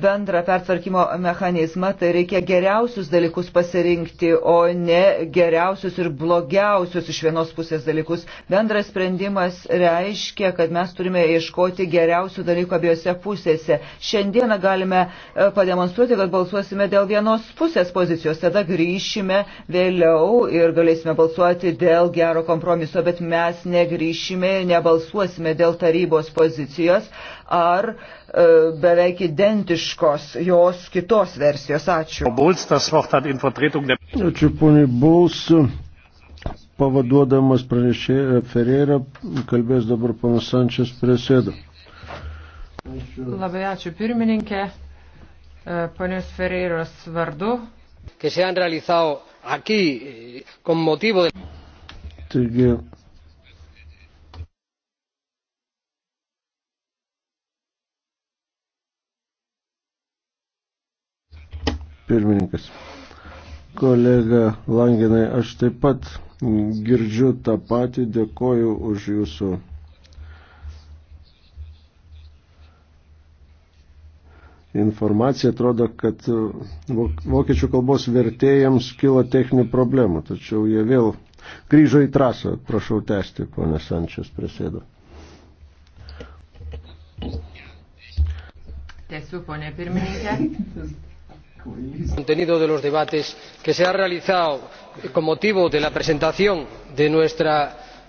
bendrą pertvarkymo mechanizmą, tai reikia geriausius dalykus pasirinkti, o ne geriausius ir blogiausius iš vienos pusės dalykus. Bendras sprendimas reiškia, kad mes turime ieškoti geriausių dalykų abiejose pusėse. Šiandieną galime e, pademonstruoti, kad balsuosime dėl vienos pusės pozicijos, tada grįšime vėliau ir galėsime balsuoti dėl gero kompromiso, bet mes negryšime, nebalsuosime dėl tarybos pozicijos ar e, beveik identiškos jos kitos versijos. Ačiū. Ačiū, poniai Buls. Pavaduodamas pranešėją e, Ferreira, kalbės dabar panas Sančias prisėdo. Labai ačiū pirmininkė, e, ponios Ferreiros vardu. Que se han realizado aquí eh, con motivo de. Taigi, pirmininkas. Kolega Langinai, aš taip pat girdžiu tą patį, dėkoju už jūsų informacija atrodo, kad vokiečių kalbos vertėjams kilo techninių problemų, tačiau jie vėl grįžo į trasą. Prašau tęsti, ponė Sančias prisėdo. Tiesiu, ponė pirmininkė. contenido de los debates que se ha realizado con motivo de la presentación de nuestra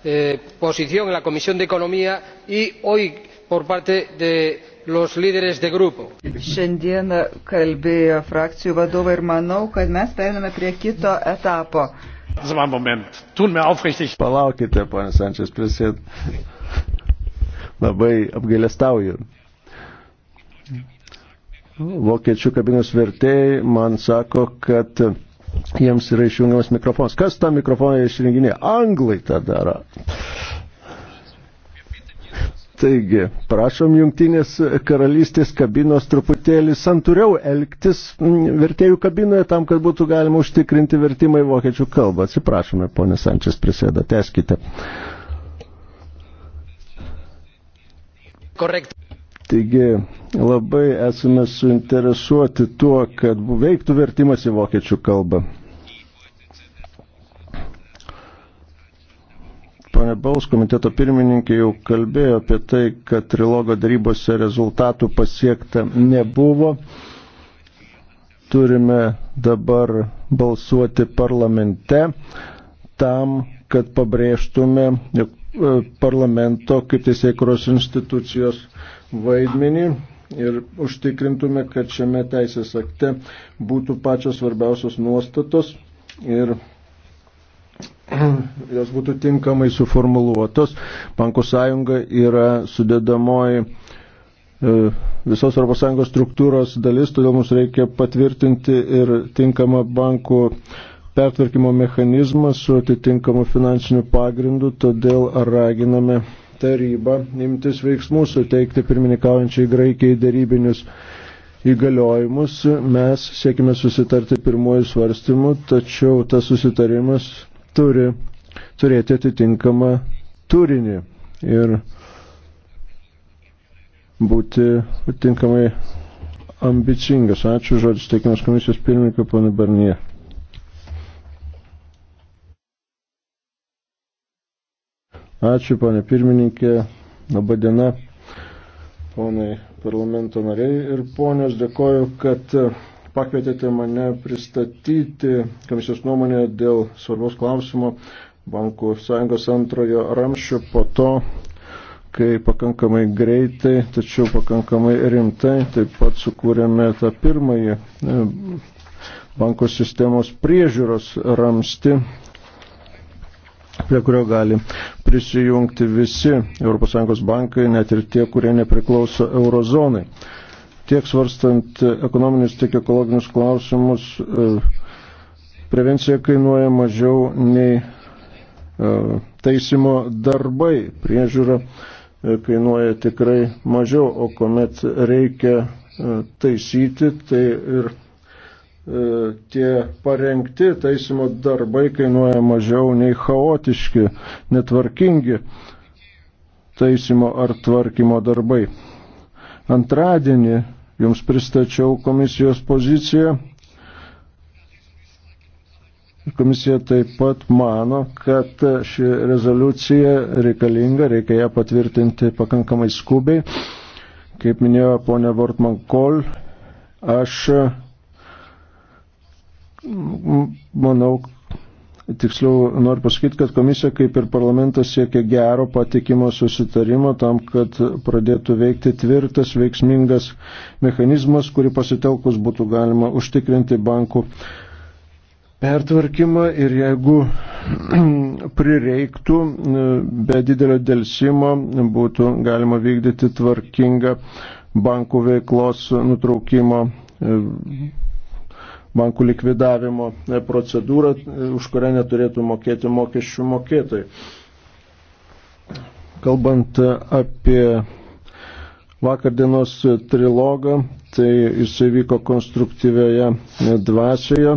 eh, posición en la comisión de economía y hoy por parte de los líderes de grupo. Šiandieną kalbėjo frakcijų vadovai ir manau, kad mes perėmėme prie kito etapo. Palaukite, ponė Sančias, prisėd. Labai apgailestauju. Vokiečių kabinos vertėjai man sako, kad jiems yra išjungiamas mikrofonas. Kas tą mikrofoną išrenginė? Anglai tą daro. Taigi, prašom jungtinės karalystės kabinos truputėlį santūriau elgtis mm, vertėjų kabinoje tam, kad būtų galima užtikrinti vertimą į vokiečių kalbą. Atsiprašome, ponė Sančias prisėda, teskite. Correct. Taigi, labai esame suinteresuoti tuo, kad veiktų vertimas į vokiečių kalbą. Baus komiteto pirmininkė jau kalbėjo apie tai, kad trilogo darybose rezultatų pasiekta nebuvo. Turime dabar balsuoti parlamente tam, kad pabrėžtume e, parlamento kaip teisėkuros institucijos vaidmenį ir užtikrintume, kad šiame teisės akte būtų pačios svarbiausios nuostatos ir jos būtų tinkamai suformuluotos. Bankų sąjunga yra sudėdamoji e, visos ES struktūros dalis, todėl mums reikia patvirtinti ir tinkamą bankų pertvarkymo mechanizmą su atitinkamu finansiniu pagrindu, todėl raginame tarybą imtis veiksmų, suteikti pirmininkaujančiai Graikijai darybinius įgaliojimus. Mes siekime susitarti pirmojų svarstymų, tačiau tas susitarimas turi turėti atitinkamą turinį ir būti atitinkamai ambicingas. Ačiū žodis teikiamas komisijos pirmininkai, ponai Barnie. Ačiū, ponė pirmininkė. Labą dieną, ponai parlamento nariai ir ponios, dėkoju, kad pakvietėte mane pristatyti komisijos nuomonę dėl svarbos klausimo Bankų sąjungos antrojo ramščio po to, kai pakankamai greitai, tačiau pakankamai rimtai taip pat sukūrėme tą pirmąjį e, bankų sistemos priežiūros ramsti, prie kurio gali prisijungti visi ES bankai, net ir tie, kurie nepriklauso eurozonai tiek svarstant ekonominius, tiek ekologinius klausimus, e, prevencija kainuoja mažiau nei e, taisimo darbai, priežiūra e, kainuoja tikrai mažiau, o kuomet reikia taisyti, tai ir tie parengti taisimo darbai kainuoja mažiau nei chaotiški, netvarkingi taisimo ar tvarkymo darbai. Antradienį Jums pristačiau komisijos poziciją. Komisija taip pat mano, kad ši rezoliucija reikalinga, reikia ją patvirtinti pakankamai skubiai. Kaip minėjo ponia Vortman Kol, aš manau, Tiksliau noriu pasakyti, kad komisija kaip ir parlamentas siekia gero patikimo susitarimo tam, kad pradėtų veikti tvirtas, veiksmingas mechanizmas, kurį pasitelkus būtų galima užtikrinti bankų pertvarkymą ir jeigu prireiktų be didelio dėlsimo būtų galima vykdyti tvarkingą bankų veiklos nutraukimo e, bankų likvidavimo e, procedūrą, e, už kurią neturėtų mokėti mokesčių mokėtojai. Kalbant e, apie vakardienos trilogą, tai jis įvyko konstruktyvioje dvasioje.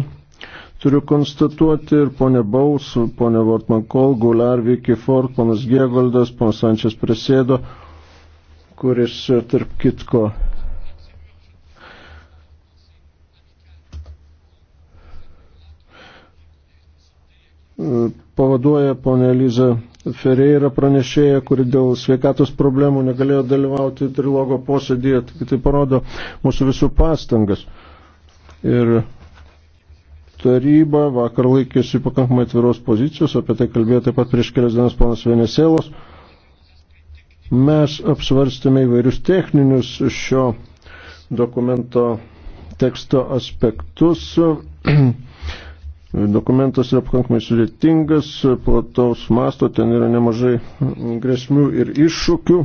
Turiu konstatuoti ir ponė Baus, ponė Vortman Kol, Gular, Vicky Ford, ponas Giegoldas, ponas Sančias Presėdo, kuris tarp kitko pavaduoja ponė Eliza Ferreira pranešėja, kuri dėl sveikatos problemų negalėjo dalyvauti trilogo posėdėje. Tai parodo mūsų visų pastangas. Ir taryba vakar laikėsi pakankamai atviros pozicijos, apie tai kalbėjo taip pat prieš kelias dienas ponas Veneselos. Mes apsvarstėme įvairius techninius šio dokumento teksto aspektus. Dokumentas yra pakankamai sudėtingas, plataus masto, ten yra nemažai grėsmių ir iššūkių,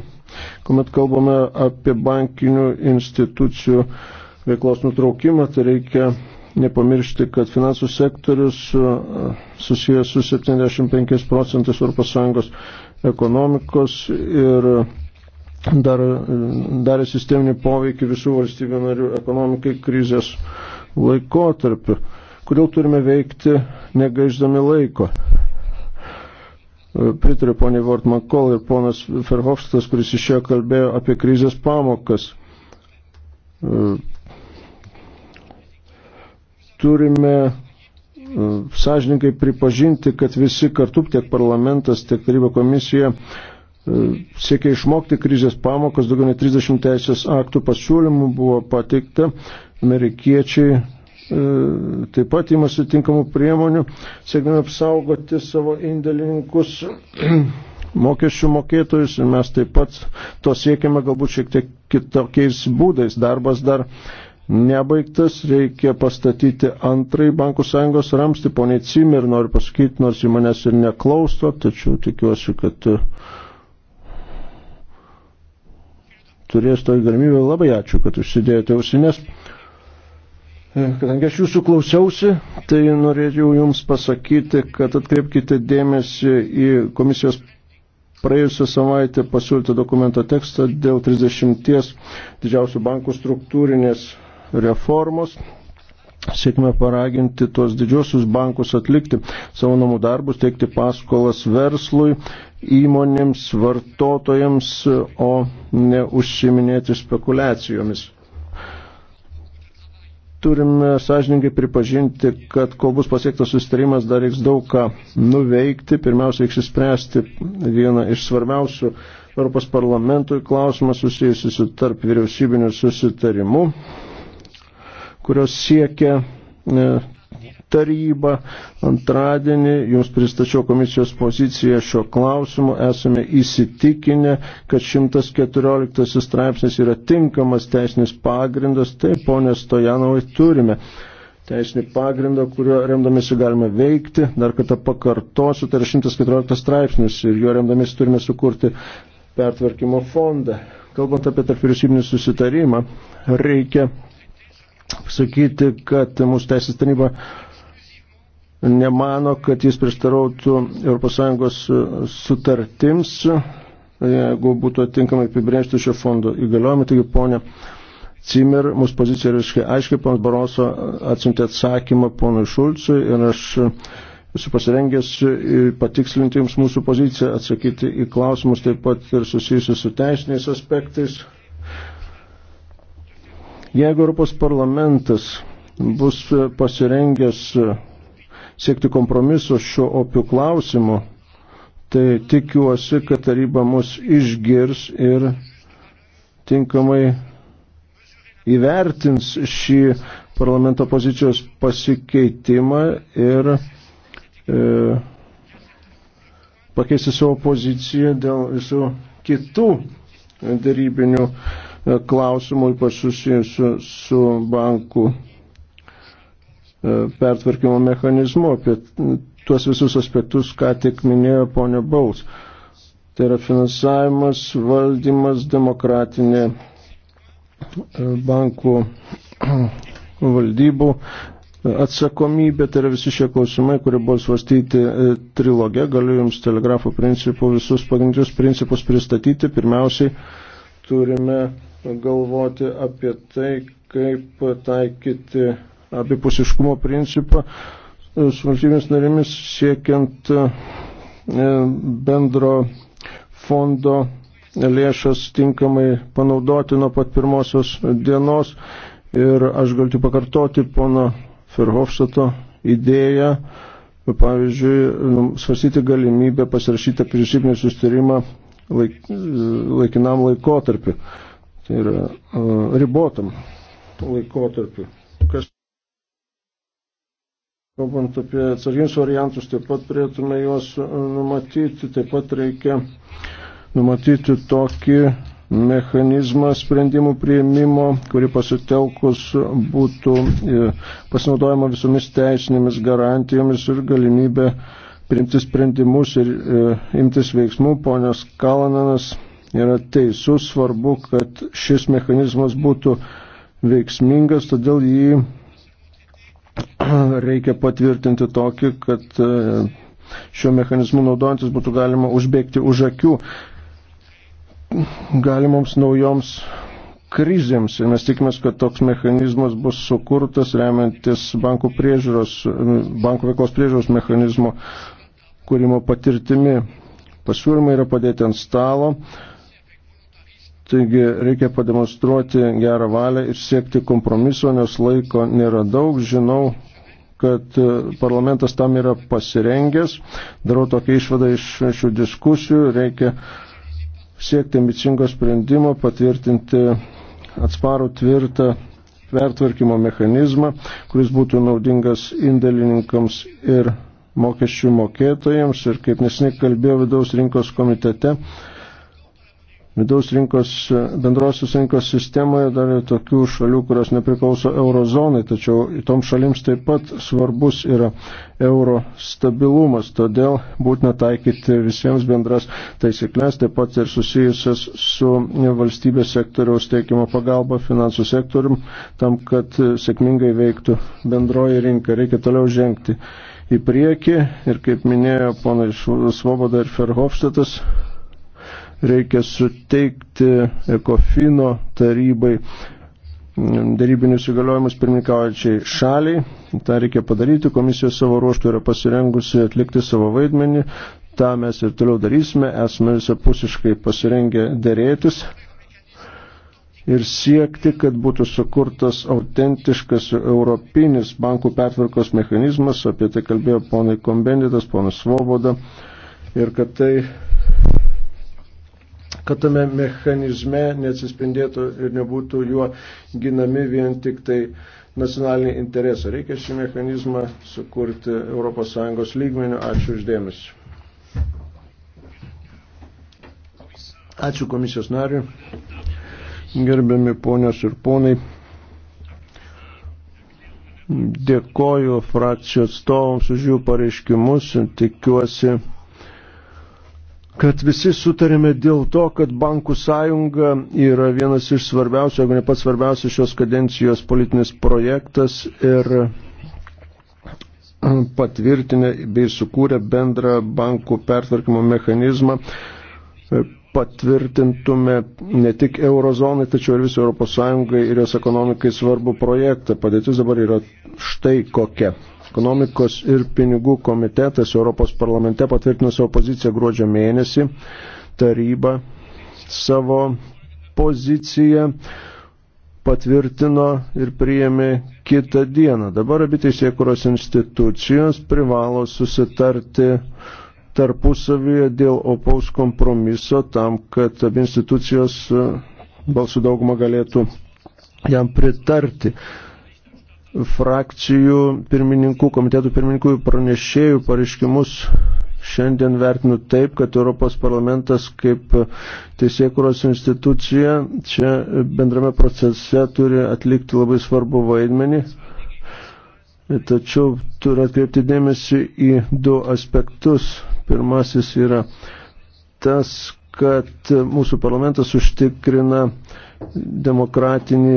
kuomet kalbame apie bankinių institucijų veiklos nutraukimą, tai reikia nepamiršti, kad finansų sektorius e, susijęs su 75 procentais ES ekonomikos ir dar, darė sisteminį poveikį visų valstybių narių ekonomikai krizės laikotarpiu kodėl turime veikti negaiždami laiko. Pritariu poniai Vortman Kol ir ponas Ferhofstas, kuris išėjo kalbėjo apie krizės pamokas. Turime sąžininkai pripažinti, kad visi kartu, tiek parlamentas, tiek taryba komisija, siekia išmokti krizės pamokas, daugiau nei 30 teisės aktų pasiūlymų buvo pateikta, amerikiečiai E, taip pat imasi tinkamų priemonių, siekdami apsaugoti savo indėlininkus mokesčių mokėtojus ir mes taip pat to siekiame galbūt šiek tiek kitokiais būdais. Darbas dar nebaigtas, reikia pastatyti antrai bankų sąjungos ramsti, poniai Cimer, noriu pasakyti, nors į manęs ir neklauso, tačiau tikiuosi, kad e, turės toj galimybę. Labai ačiū, kad užsidėjote ausinės. Kadangi aš jūsų klausiausi, tai norėčiau jums pasakyti, kad atkreipkite dėmesį į komisijos praėjusią savaitę pasiūlytą dokumento tekstą dėl 30 didžiausių bankų struktūrinės reformos. Sėkime paraginti tuos didžiosius bankus atlikti savo namų darbus, teikti paskolas verslui, įmonėms, vartotojams, o ne užsiminėti spekulacijomis turime sąžininkai pripažinti, kad kol bus pasiektas sustarimas, dar reiks daug ką nuveikti. Pirmiausia, reiks įspręsti vieną iš svarbiausių Europos parlamentui klausimą susijusi su tarp vyriausybiniu susitarimu, kurios siekia e, taryba. Antradienį jums pristačiau komisijos poziciją šio klausimu. Esame įsitikinę, kad 114 straipsnis yra tinkamas teisinis pagrindas. Taip, ponė Stojanovai, turime teisinį pagrindą, kuriuo remdamėsi galime veikti. Dar kartą pakartosiu, tai yra 114 straipsnis ir juo remdamėsi turime sukurti pertvarkymo fondą. Kalbant apie tarp vyriausybinį susitarimą, reikia sakyti, kad mūsų teisės taryba nemano, kad jis prieštarautų ES sutartims, jeigu būtų atinkamai apibrėžti šio fondo įgaliojimai. Taigi, ponė Cimer, mūsų pozicija reiškia aiškiai, ponas Baroso atsiuntė atsakymą ponui Šulcui ir aš esu pasirengęs patikslinti jums mūsų poziciją, atsakyti į klausimus taip pat ir susijusius su teisiniais aspektais. Jeigu Europos parlamentas bus pasirengęs siekti kompromiso šiuo opiu klausimu, tai tikiuosi, kad taryba mus išgirs ir tinkamai įvertins šį parlamento pozicijos pasikeitimą ir e, pakeisti savo poziciją dėl visų kitų darybinių e, klausimų, ypač susijusių su bankų e, pertvarkymo mechanizmu, apie tuos visus aspektus, ką tik minėjo ponė Baus. Tai yra finansavimas, valdymas, demokratinė e, bankų valdybų atsakomybė, tai yra visi šie klausimai, kurie buvo svastyti e, trilogė, galiu jums telegrafo principų visus pagrindinius principus pristatyti. Pirmiausiai, turime galvoti apie tai, kaip taikyti abipusiškumo principą su valstybės narėmis siekiant e, bendro fondo lėšas tinkamai panaudoti nuo pat pirmosios dienos. Ir aš galiu pakartoti pono Ferhofštato idėją, pavyzdžiui, svarstyti galimybę pasirašyti priešybinį sustarimą laik, laikinam laikotarpiu, tai yra ribotam laikotarpiu. Kas Kalbant apie atsarginius variantus, taip pat turėtume juos numatyti, taip pat reikia numatyti tokį mechanizmą sprendimų prieimimo, kuri pasitelkus būtų e, pasinaudojama visomis teisinėmis garantijomis ir galimybė uh, priimti sprendimus ir e, imtis veiksmų. Ponios Kalananas yra teisus, svarbu, kad šis mechanizmas būtų veiksmingas, todėl jį reikia patvirtinti tokį, kad e, šiuo mechanizmu naudojantis būtų galima užbėgti už akių galimoms naujoms krizėms. Ir mes tikimės, kad toks mechanizmas bus sukurtas remiantis bankų, priežiūros, bankų veiklos priežiūros mechanizmo kūrimo patirtimi. Pasiūlymai yra padėti ant stalo, taigi reikia pademonstruoti gerą valią ir siekti kompromiso, nes laiko nėra daug. Žinau, kad e, parlamentas tam yra pasirengęs. Darau tokią išvadą iš šių diskusijų. Reikia siekti ambicingo sprendimo, patvirtinti atsparų tvirtą pertvarkymo mechanizmą, kuris būtų naudingas indėlininkams ir mokesčių mokėtojams ir kaip nesiniai kalbėjau vidaus rinkos komitete, vidaus rinkos, bendrosios rinkos sistemoje dar yra tokių šalių, kurios nepriklauso eurozonai, tačiau tom šalims taip pat svarbus yra euro stabilumas, todėl būtina taikyti visiems bendras taisyklės, taip pat ir susijusias su valstybės sektoriaus teikimo pagalba finansų sektorium, tam, kad sėkmingai veiktų bendroji rinka, reikia toliau žengti į priekį ir kaip minėjo ponai Svoboda ir Ferhofštatas, reikia suteikti ekofino tarybai mm, darybinius įgaliojimus pirmininkaujančiai šaliai. Ta reikia padaryti, komisija savo ruoštų yra pasirengusi atlikti savo vaidmenį, tą mes ir toliau darysime, esame visapusiškai pasirengę dėrėtis ir siekti, kad būtų sukurtas autentiškas europinis bankų pertvarkos mechanizmas, apie tai kalbėjo ponai Kombenditas, ponas Svoboda, ir kad tai kad tame mechanizme neatsispindėtų ir nebūtų juo ginami vien tik tai nacionaliniai interesai. Reikia šį mechanizmą sukurti ES lygmenių. Ačiū uždėmesi. Ačiū komisijos nariui gerbiami ponios ir ponai. Dėkoju frakcijų atstovams už jų pareiškimus ir tikiuosi, kad visi sutarėme dėl to, kad bankų sąjunga yra vienas iš svarbiausių, jeigu ne pats svarbiausias šios kadencijos politinis projektas ir patvirtinę bei sukūrę bendrą bankų pertvarkymo mechanizmą patvirtintume ne tik eurozonai, tačiau ir visai Europos Sąjungai ir jos ekonomikai svarbu projektą. Padėtis dabar yra štai kokia. Ekonomikos ir pinigų komitetas Europos parlamente patvirtino savo poziciją gruodžio mėnesį, taryba savo poziciją patvirtino ir priėmė kitą dieną. Dabar abi teisėkuros institucijos privalo susitarti tarpusavyje dėl opaus kompromiso tam, kad abi institucijos e, balsų daugumą galėtų jam pritarti. Frakcijų pirmininkų, komitetų pirmininkų pranešėjų pareiškimus šiandien vertinu taip, kad Europos parlamentas kaip teisėkuros institucija čia bendrame procese turi atlikti labai svarbu vaidmenį. Tačiau turiu atkreipti dėmesį į du aspektus. Pirmasis yra tas, kad mūsų parlamentas užtikrina demokratinį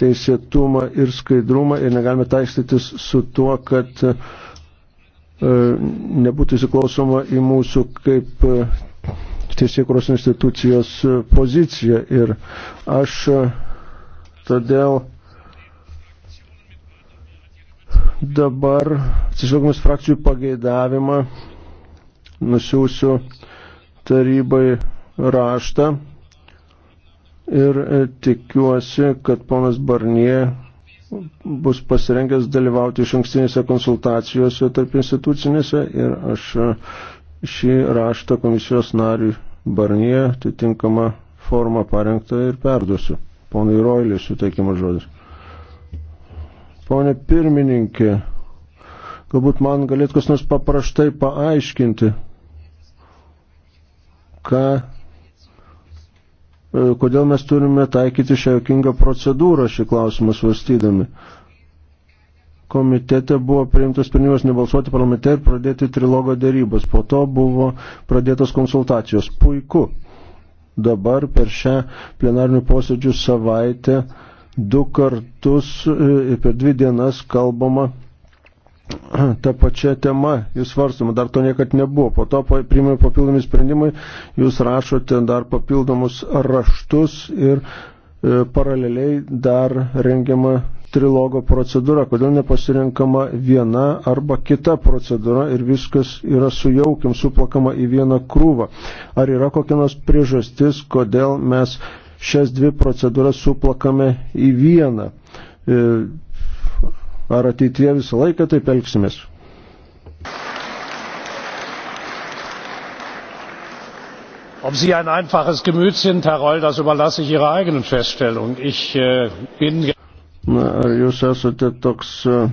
teisėtumą ir skaidrumą ir negalime taikstytis su tuo, kad e, nebūtų įsiklausoma į mūsų kaip e, teisėkros institucijos e, poziciją. Ir aš todėl dabar atsižvelgdamas frakcijų pageidavimą nusiųsiu tarybai raštą ir e, tikiuosi, kad ponas Barnie bus pasirengęs dalyvauti iš ankstinėse konsultacijose tarp institucinėse ir aš e, šį raštą komisijos nariui Barnie atitinkama forma parengta ir perduosiu. Ponai Roilį suteikimas žodis. Pone pirmininkė, galbūt man galėtų kas nors paprastai paaiškinti, ką, e, kodėl mes turime taikyti šią jokingą procedūrą šį klausimą svarstydami. Komitete buvo priimtas sprendimas nebalsuoti parlamente ir pradėti trilogo dėrybas. Po to buvo pradėtos konsultacijos. Puiku. Dabar per šią plenarnių posėdžių savaitę du kartus ir e, per dvi dienas kalbama ta pačia tema jūs svarstama, dar to niekad nebuvo. Po to priimami papildomi sprendimai, jūs rašote dar papildomus raštus ir e, paraleliai dar rengiama trilogo procedūra. Kodėl nepasirinkama viena arba kita procedūra ir viskas yra sujaukim, suplakama į vieną krūvą? Ar yra kokia nors priežastis, kodėl mes šias dvi procedūras suplakame į vieną? E, Ar ateitie visą laiką taip elgsimės? ob sie ein einfaches gemüt sind herr reul das überlasse ich ihrer eigenen feststellung. ich äh, bin Na, ar jūs esate toks äh,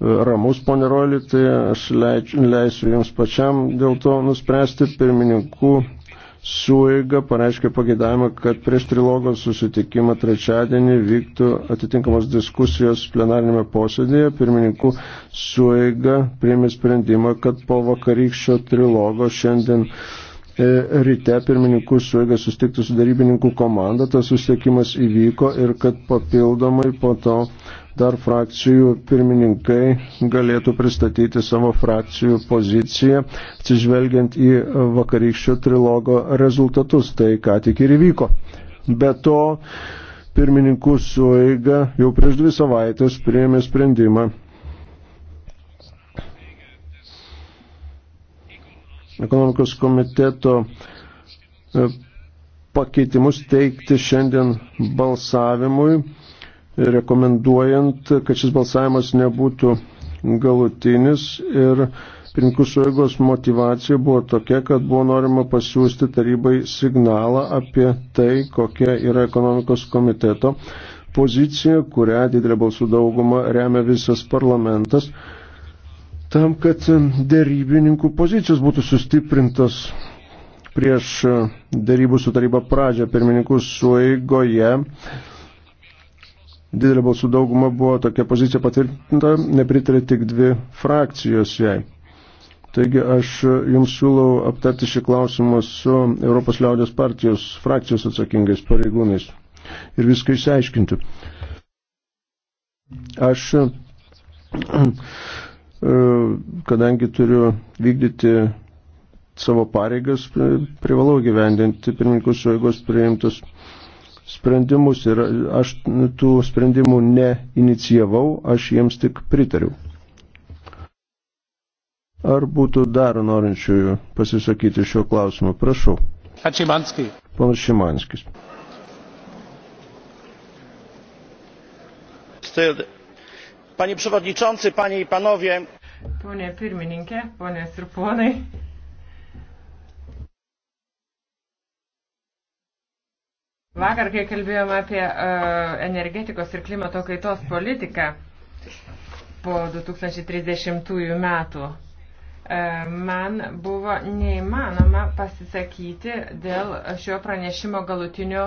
ramus, ponė Roli, tai aš leidžiu, leisiu jums pačiam dėl to nuspręsti pirmininkų suėga pareiškė pagėdavimą, kad prieš trilogo susitikimą trečiadienį vyktų atitinkamos diskusijos plenarinėme posėdėje. Pirmininkų suėga priėmė sprendimą, kad po vakarykščio trilogo šiandien e, ryte pirmininkų suėga sustikti su darybininkų komanda. Tas susitikimas įvyko ir kad papildomai po to dar frakcijų pirmininkai galėtų pristatyti savo frakcijų poziciją, atsižvelgiant į vakarykščio trilogo rezultatus, tai ką tik ir įvyko. Be to, pirmininkų sueiga jau prieš dvi savaitės priėmė sprendimą ekonomikos komiteto e, pakeitimus teikti šiandien balsavimui rekomenduojant, kad šis balsavimas nebūtų galutinis ir pirmininkų suėgos motivacija buvo tokia, kad buvo norima pasiūsti tarybai signalą apie tai, kokia yra ekonomikos komiteto pozicija, kurią didelė balsų dauguma remia visas parlamentas, tam, kad dėrybininkų pozicijos būtų sustiprintos prieš dėrybų su taryba pradžią pirmininkų suėgoje. Yeah didelė balsų dauguma buvo tokia pozicija patvirtinta, nepritarė tik dvi frakcijos jai. Taigi aš jums siūlau aptarti šį klausimą su Europos liaudės partijos frakcijos atsakingais pareigūnais ir viską išsiaiškinti. Aš, e, kadangi turiu vykdyti savo pareigas, privalau gyvendinti pirmininkų suėgos priimtus sprendimus ir aš tų sprendimų neinicijavau, aš jiems tik pritariu. Ar būtų dar norinčiųjų pasisakyti šio klausimu? Prašau. Hačimanskis. Panas Šimanskis. Panie przewodniczący, panie i panowie. Panie pirmininkė, ponės ir ponai. Vakar, kai kalbėjom apie uh, energetikos ir klimato kaitos politiką po 2030 metų, e, man buvo neįmanoma pasisakyti dėl šio pranešimo galutinio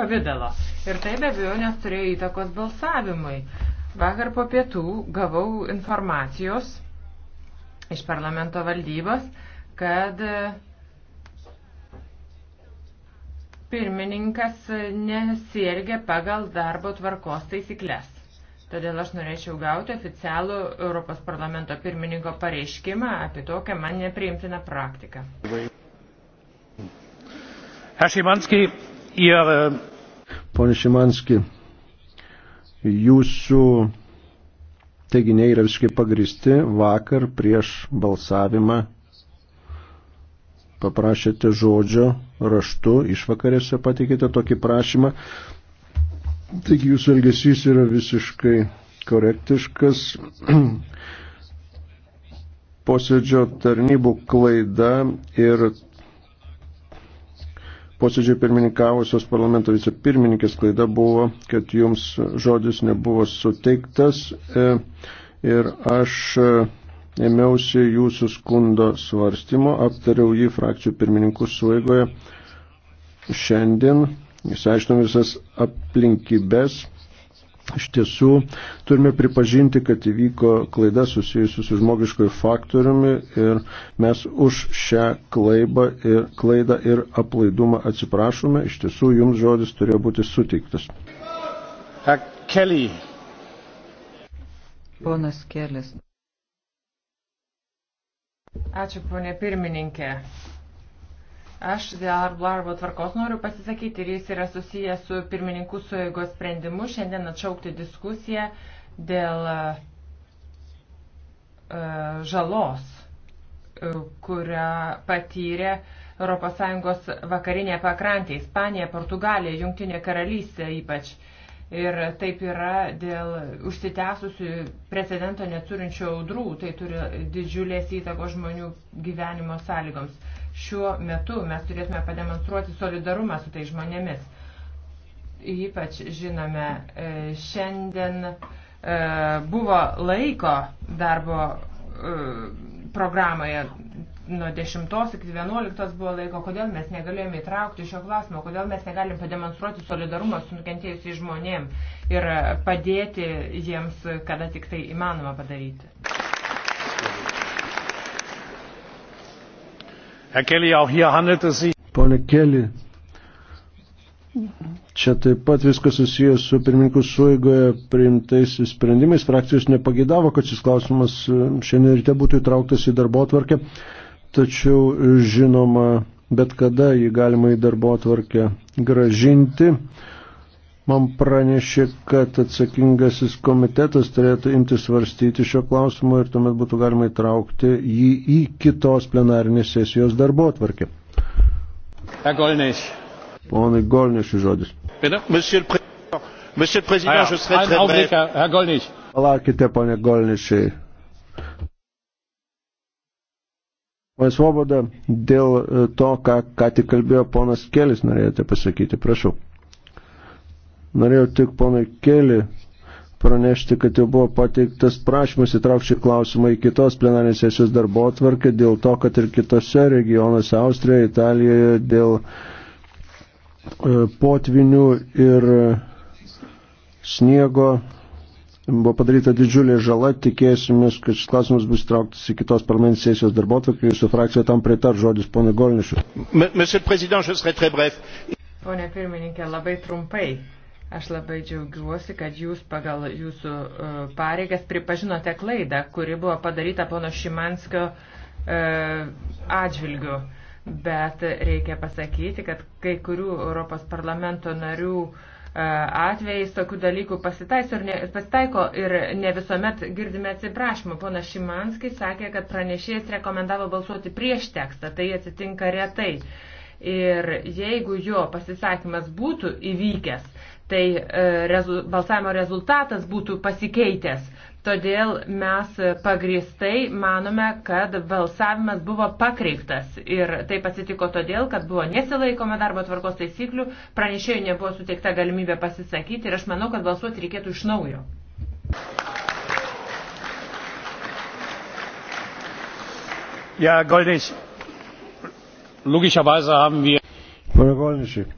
pavydalo. Ir tai be abejo nes turėjo įtakos balsavimui. Vakar po pietų gavau informacijos iš parlamento valdybos, kad uh, pirmininkas nesiergia pagal darbo tvarkos taisyklės. Todėl aš norėčiau gauti oficialų Europos parlamento pirmininko pareiškimą apie tokią man nepriimtiną praktiką. Äh, Pone Šimanski, jūsų teiginiai yra visiškai pagristi. Vakar prieš balsavimą paprašėte žodžio raštu, išvakarėse pateikėte tokį prašymą. Taigi jūsų elgesys yra visiškai korektiškas. Posėdžio tarnybų klaida ir posėdžio pirmininkavusios parlamento vicepirmininkės klaida buvo, kad jums žodis nebuvo suteiktas e, ir aš e, ėmiausi jūsų skundo svarstymo, aptariau jį frakcijų pirmininkų suvaigoje šiandien, išsiaiškinom visas aplinkybės. Iš tiesų, turime pripažinti, kad įvyko klaida susijusi su žmogiškoju faktoriumi ir mes už šią klaibą ir, klaidą ir aplaidumą atsiprašome. Iš tiesų, jums žodis turėjo būti suteiktas. Kelly. Ponas Kelis. Ačiū, ponė pirmininkė. Aš dėl darbo tvarkos noriu pasisakyti ir jis yra susijęs su pirmininkų sueigos sprendimu šiandien atšaukti diskusiją dėl uh, žalos, uh, kurią patyrė ES vakarinė pakrantė, Ispanija, Portugalija, Junktinė karalystė ypač. Uh, Ir taip yra dėl užsitęsusių precedento neturinčių audrų, tai turi didžiulės įtakos žmonių gyvenimo sąlygoms. Šiuo metu mes turėtume pademonstruoti solidarumą su tai žmonėmis. Ypač žinome, e, šiandien e, buvo laiko darbo e, programoje nuo 10 iki 11 buvo laiko, kodėl mes negalėjome įtraukti šio klausimo, kodėl mes negalim pademonstruoti solidarumą su nukentėjusiais žmonėm ir padėti jiems, kada tik tai įmanoma padaryti. Pone Keli, čia taip pat viskas susijęs su pirmininkų suėgoje priimtais sprendimais. Frakcijos nepagėdavo, kad šis klausimas e, šiandien ryte būtų įtrauktas į darbo atvarkę tačiau žinoma, bet kada jį galima į darbo atvarkę gražinti. Man pranešė, kad atsakingasis komitetas turėtų imti svarstyti šio klausimo ir tuomet būtų galima įtraukti jį į kitos plenarinės sesijos darbo atvarkę. Ponai Golnišis žodis. Ah Palaukite, ponė Golnišiai. Ponas Svoboda, dėl e, to, ką, ką tik kalbėjo ponas Kelis, norėjote pasakyti, prašau. Norėjau tik ponai Kelį pranešti, kad jau buvo pateiktas prašymas įtraukti klausimą į kitos plenarinės sesijos darbo atvarkę dėl to, kad ir kitose regionuose Austrijoje, Italijoje dėl e, potvinių ir e, sniego Buvo padaryta didžiulė žala, tikėsimės, kad šis klausimas bus trauktas į kitos parlamentinės sesijos darbotvarkį, jūsų frakcija tam pritar žodis ponui Golnišui. Pone pirmininkė, labai trumpai. Aš labai džiaugiuosi, kad jūs pagal jūsų e, pareigas pripažinote klaidą, kuri buvo padaryta pono Šimanskio e, atžvilgiu. Bet reikia pasakyti, kad kai kurių Europos parlamento narių uh, E, atvejais tokių dalykų ir ne, pasitaiko ir ne visuomet girdime atsiprašymą. Pona Šimanskis sakė, kad pranešėjas rekomendavo balsuoti prieš tekstą, tai atsitinka retai. Ir jeigu jo pasisakymas būtų įvykęs, tai e, rezu, balsavimo rezultatas būtų pasikeitęs Todėl mes pagristai manome, kad balsavimas buvo pakreiktas ir tai pasitiko todėl, kad buvo nesilaikoma darbo tvarkos taisyklių, pranešėjų nebuvo suteikta galimybė pasisakyti ir aš manau, kad balsuoti reikėtų iš naujo. Ja, Goldnisch, logischerweise haben wir. Pone Goldnischai,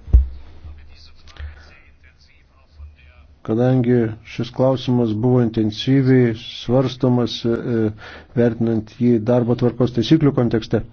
kadangi šis klausimas buvo intensyviai svarstomas, e, e, vertinant jį darbo tvarkos taisyklių kontekste.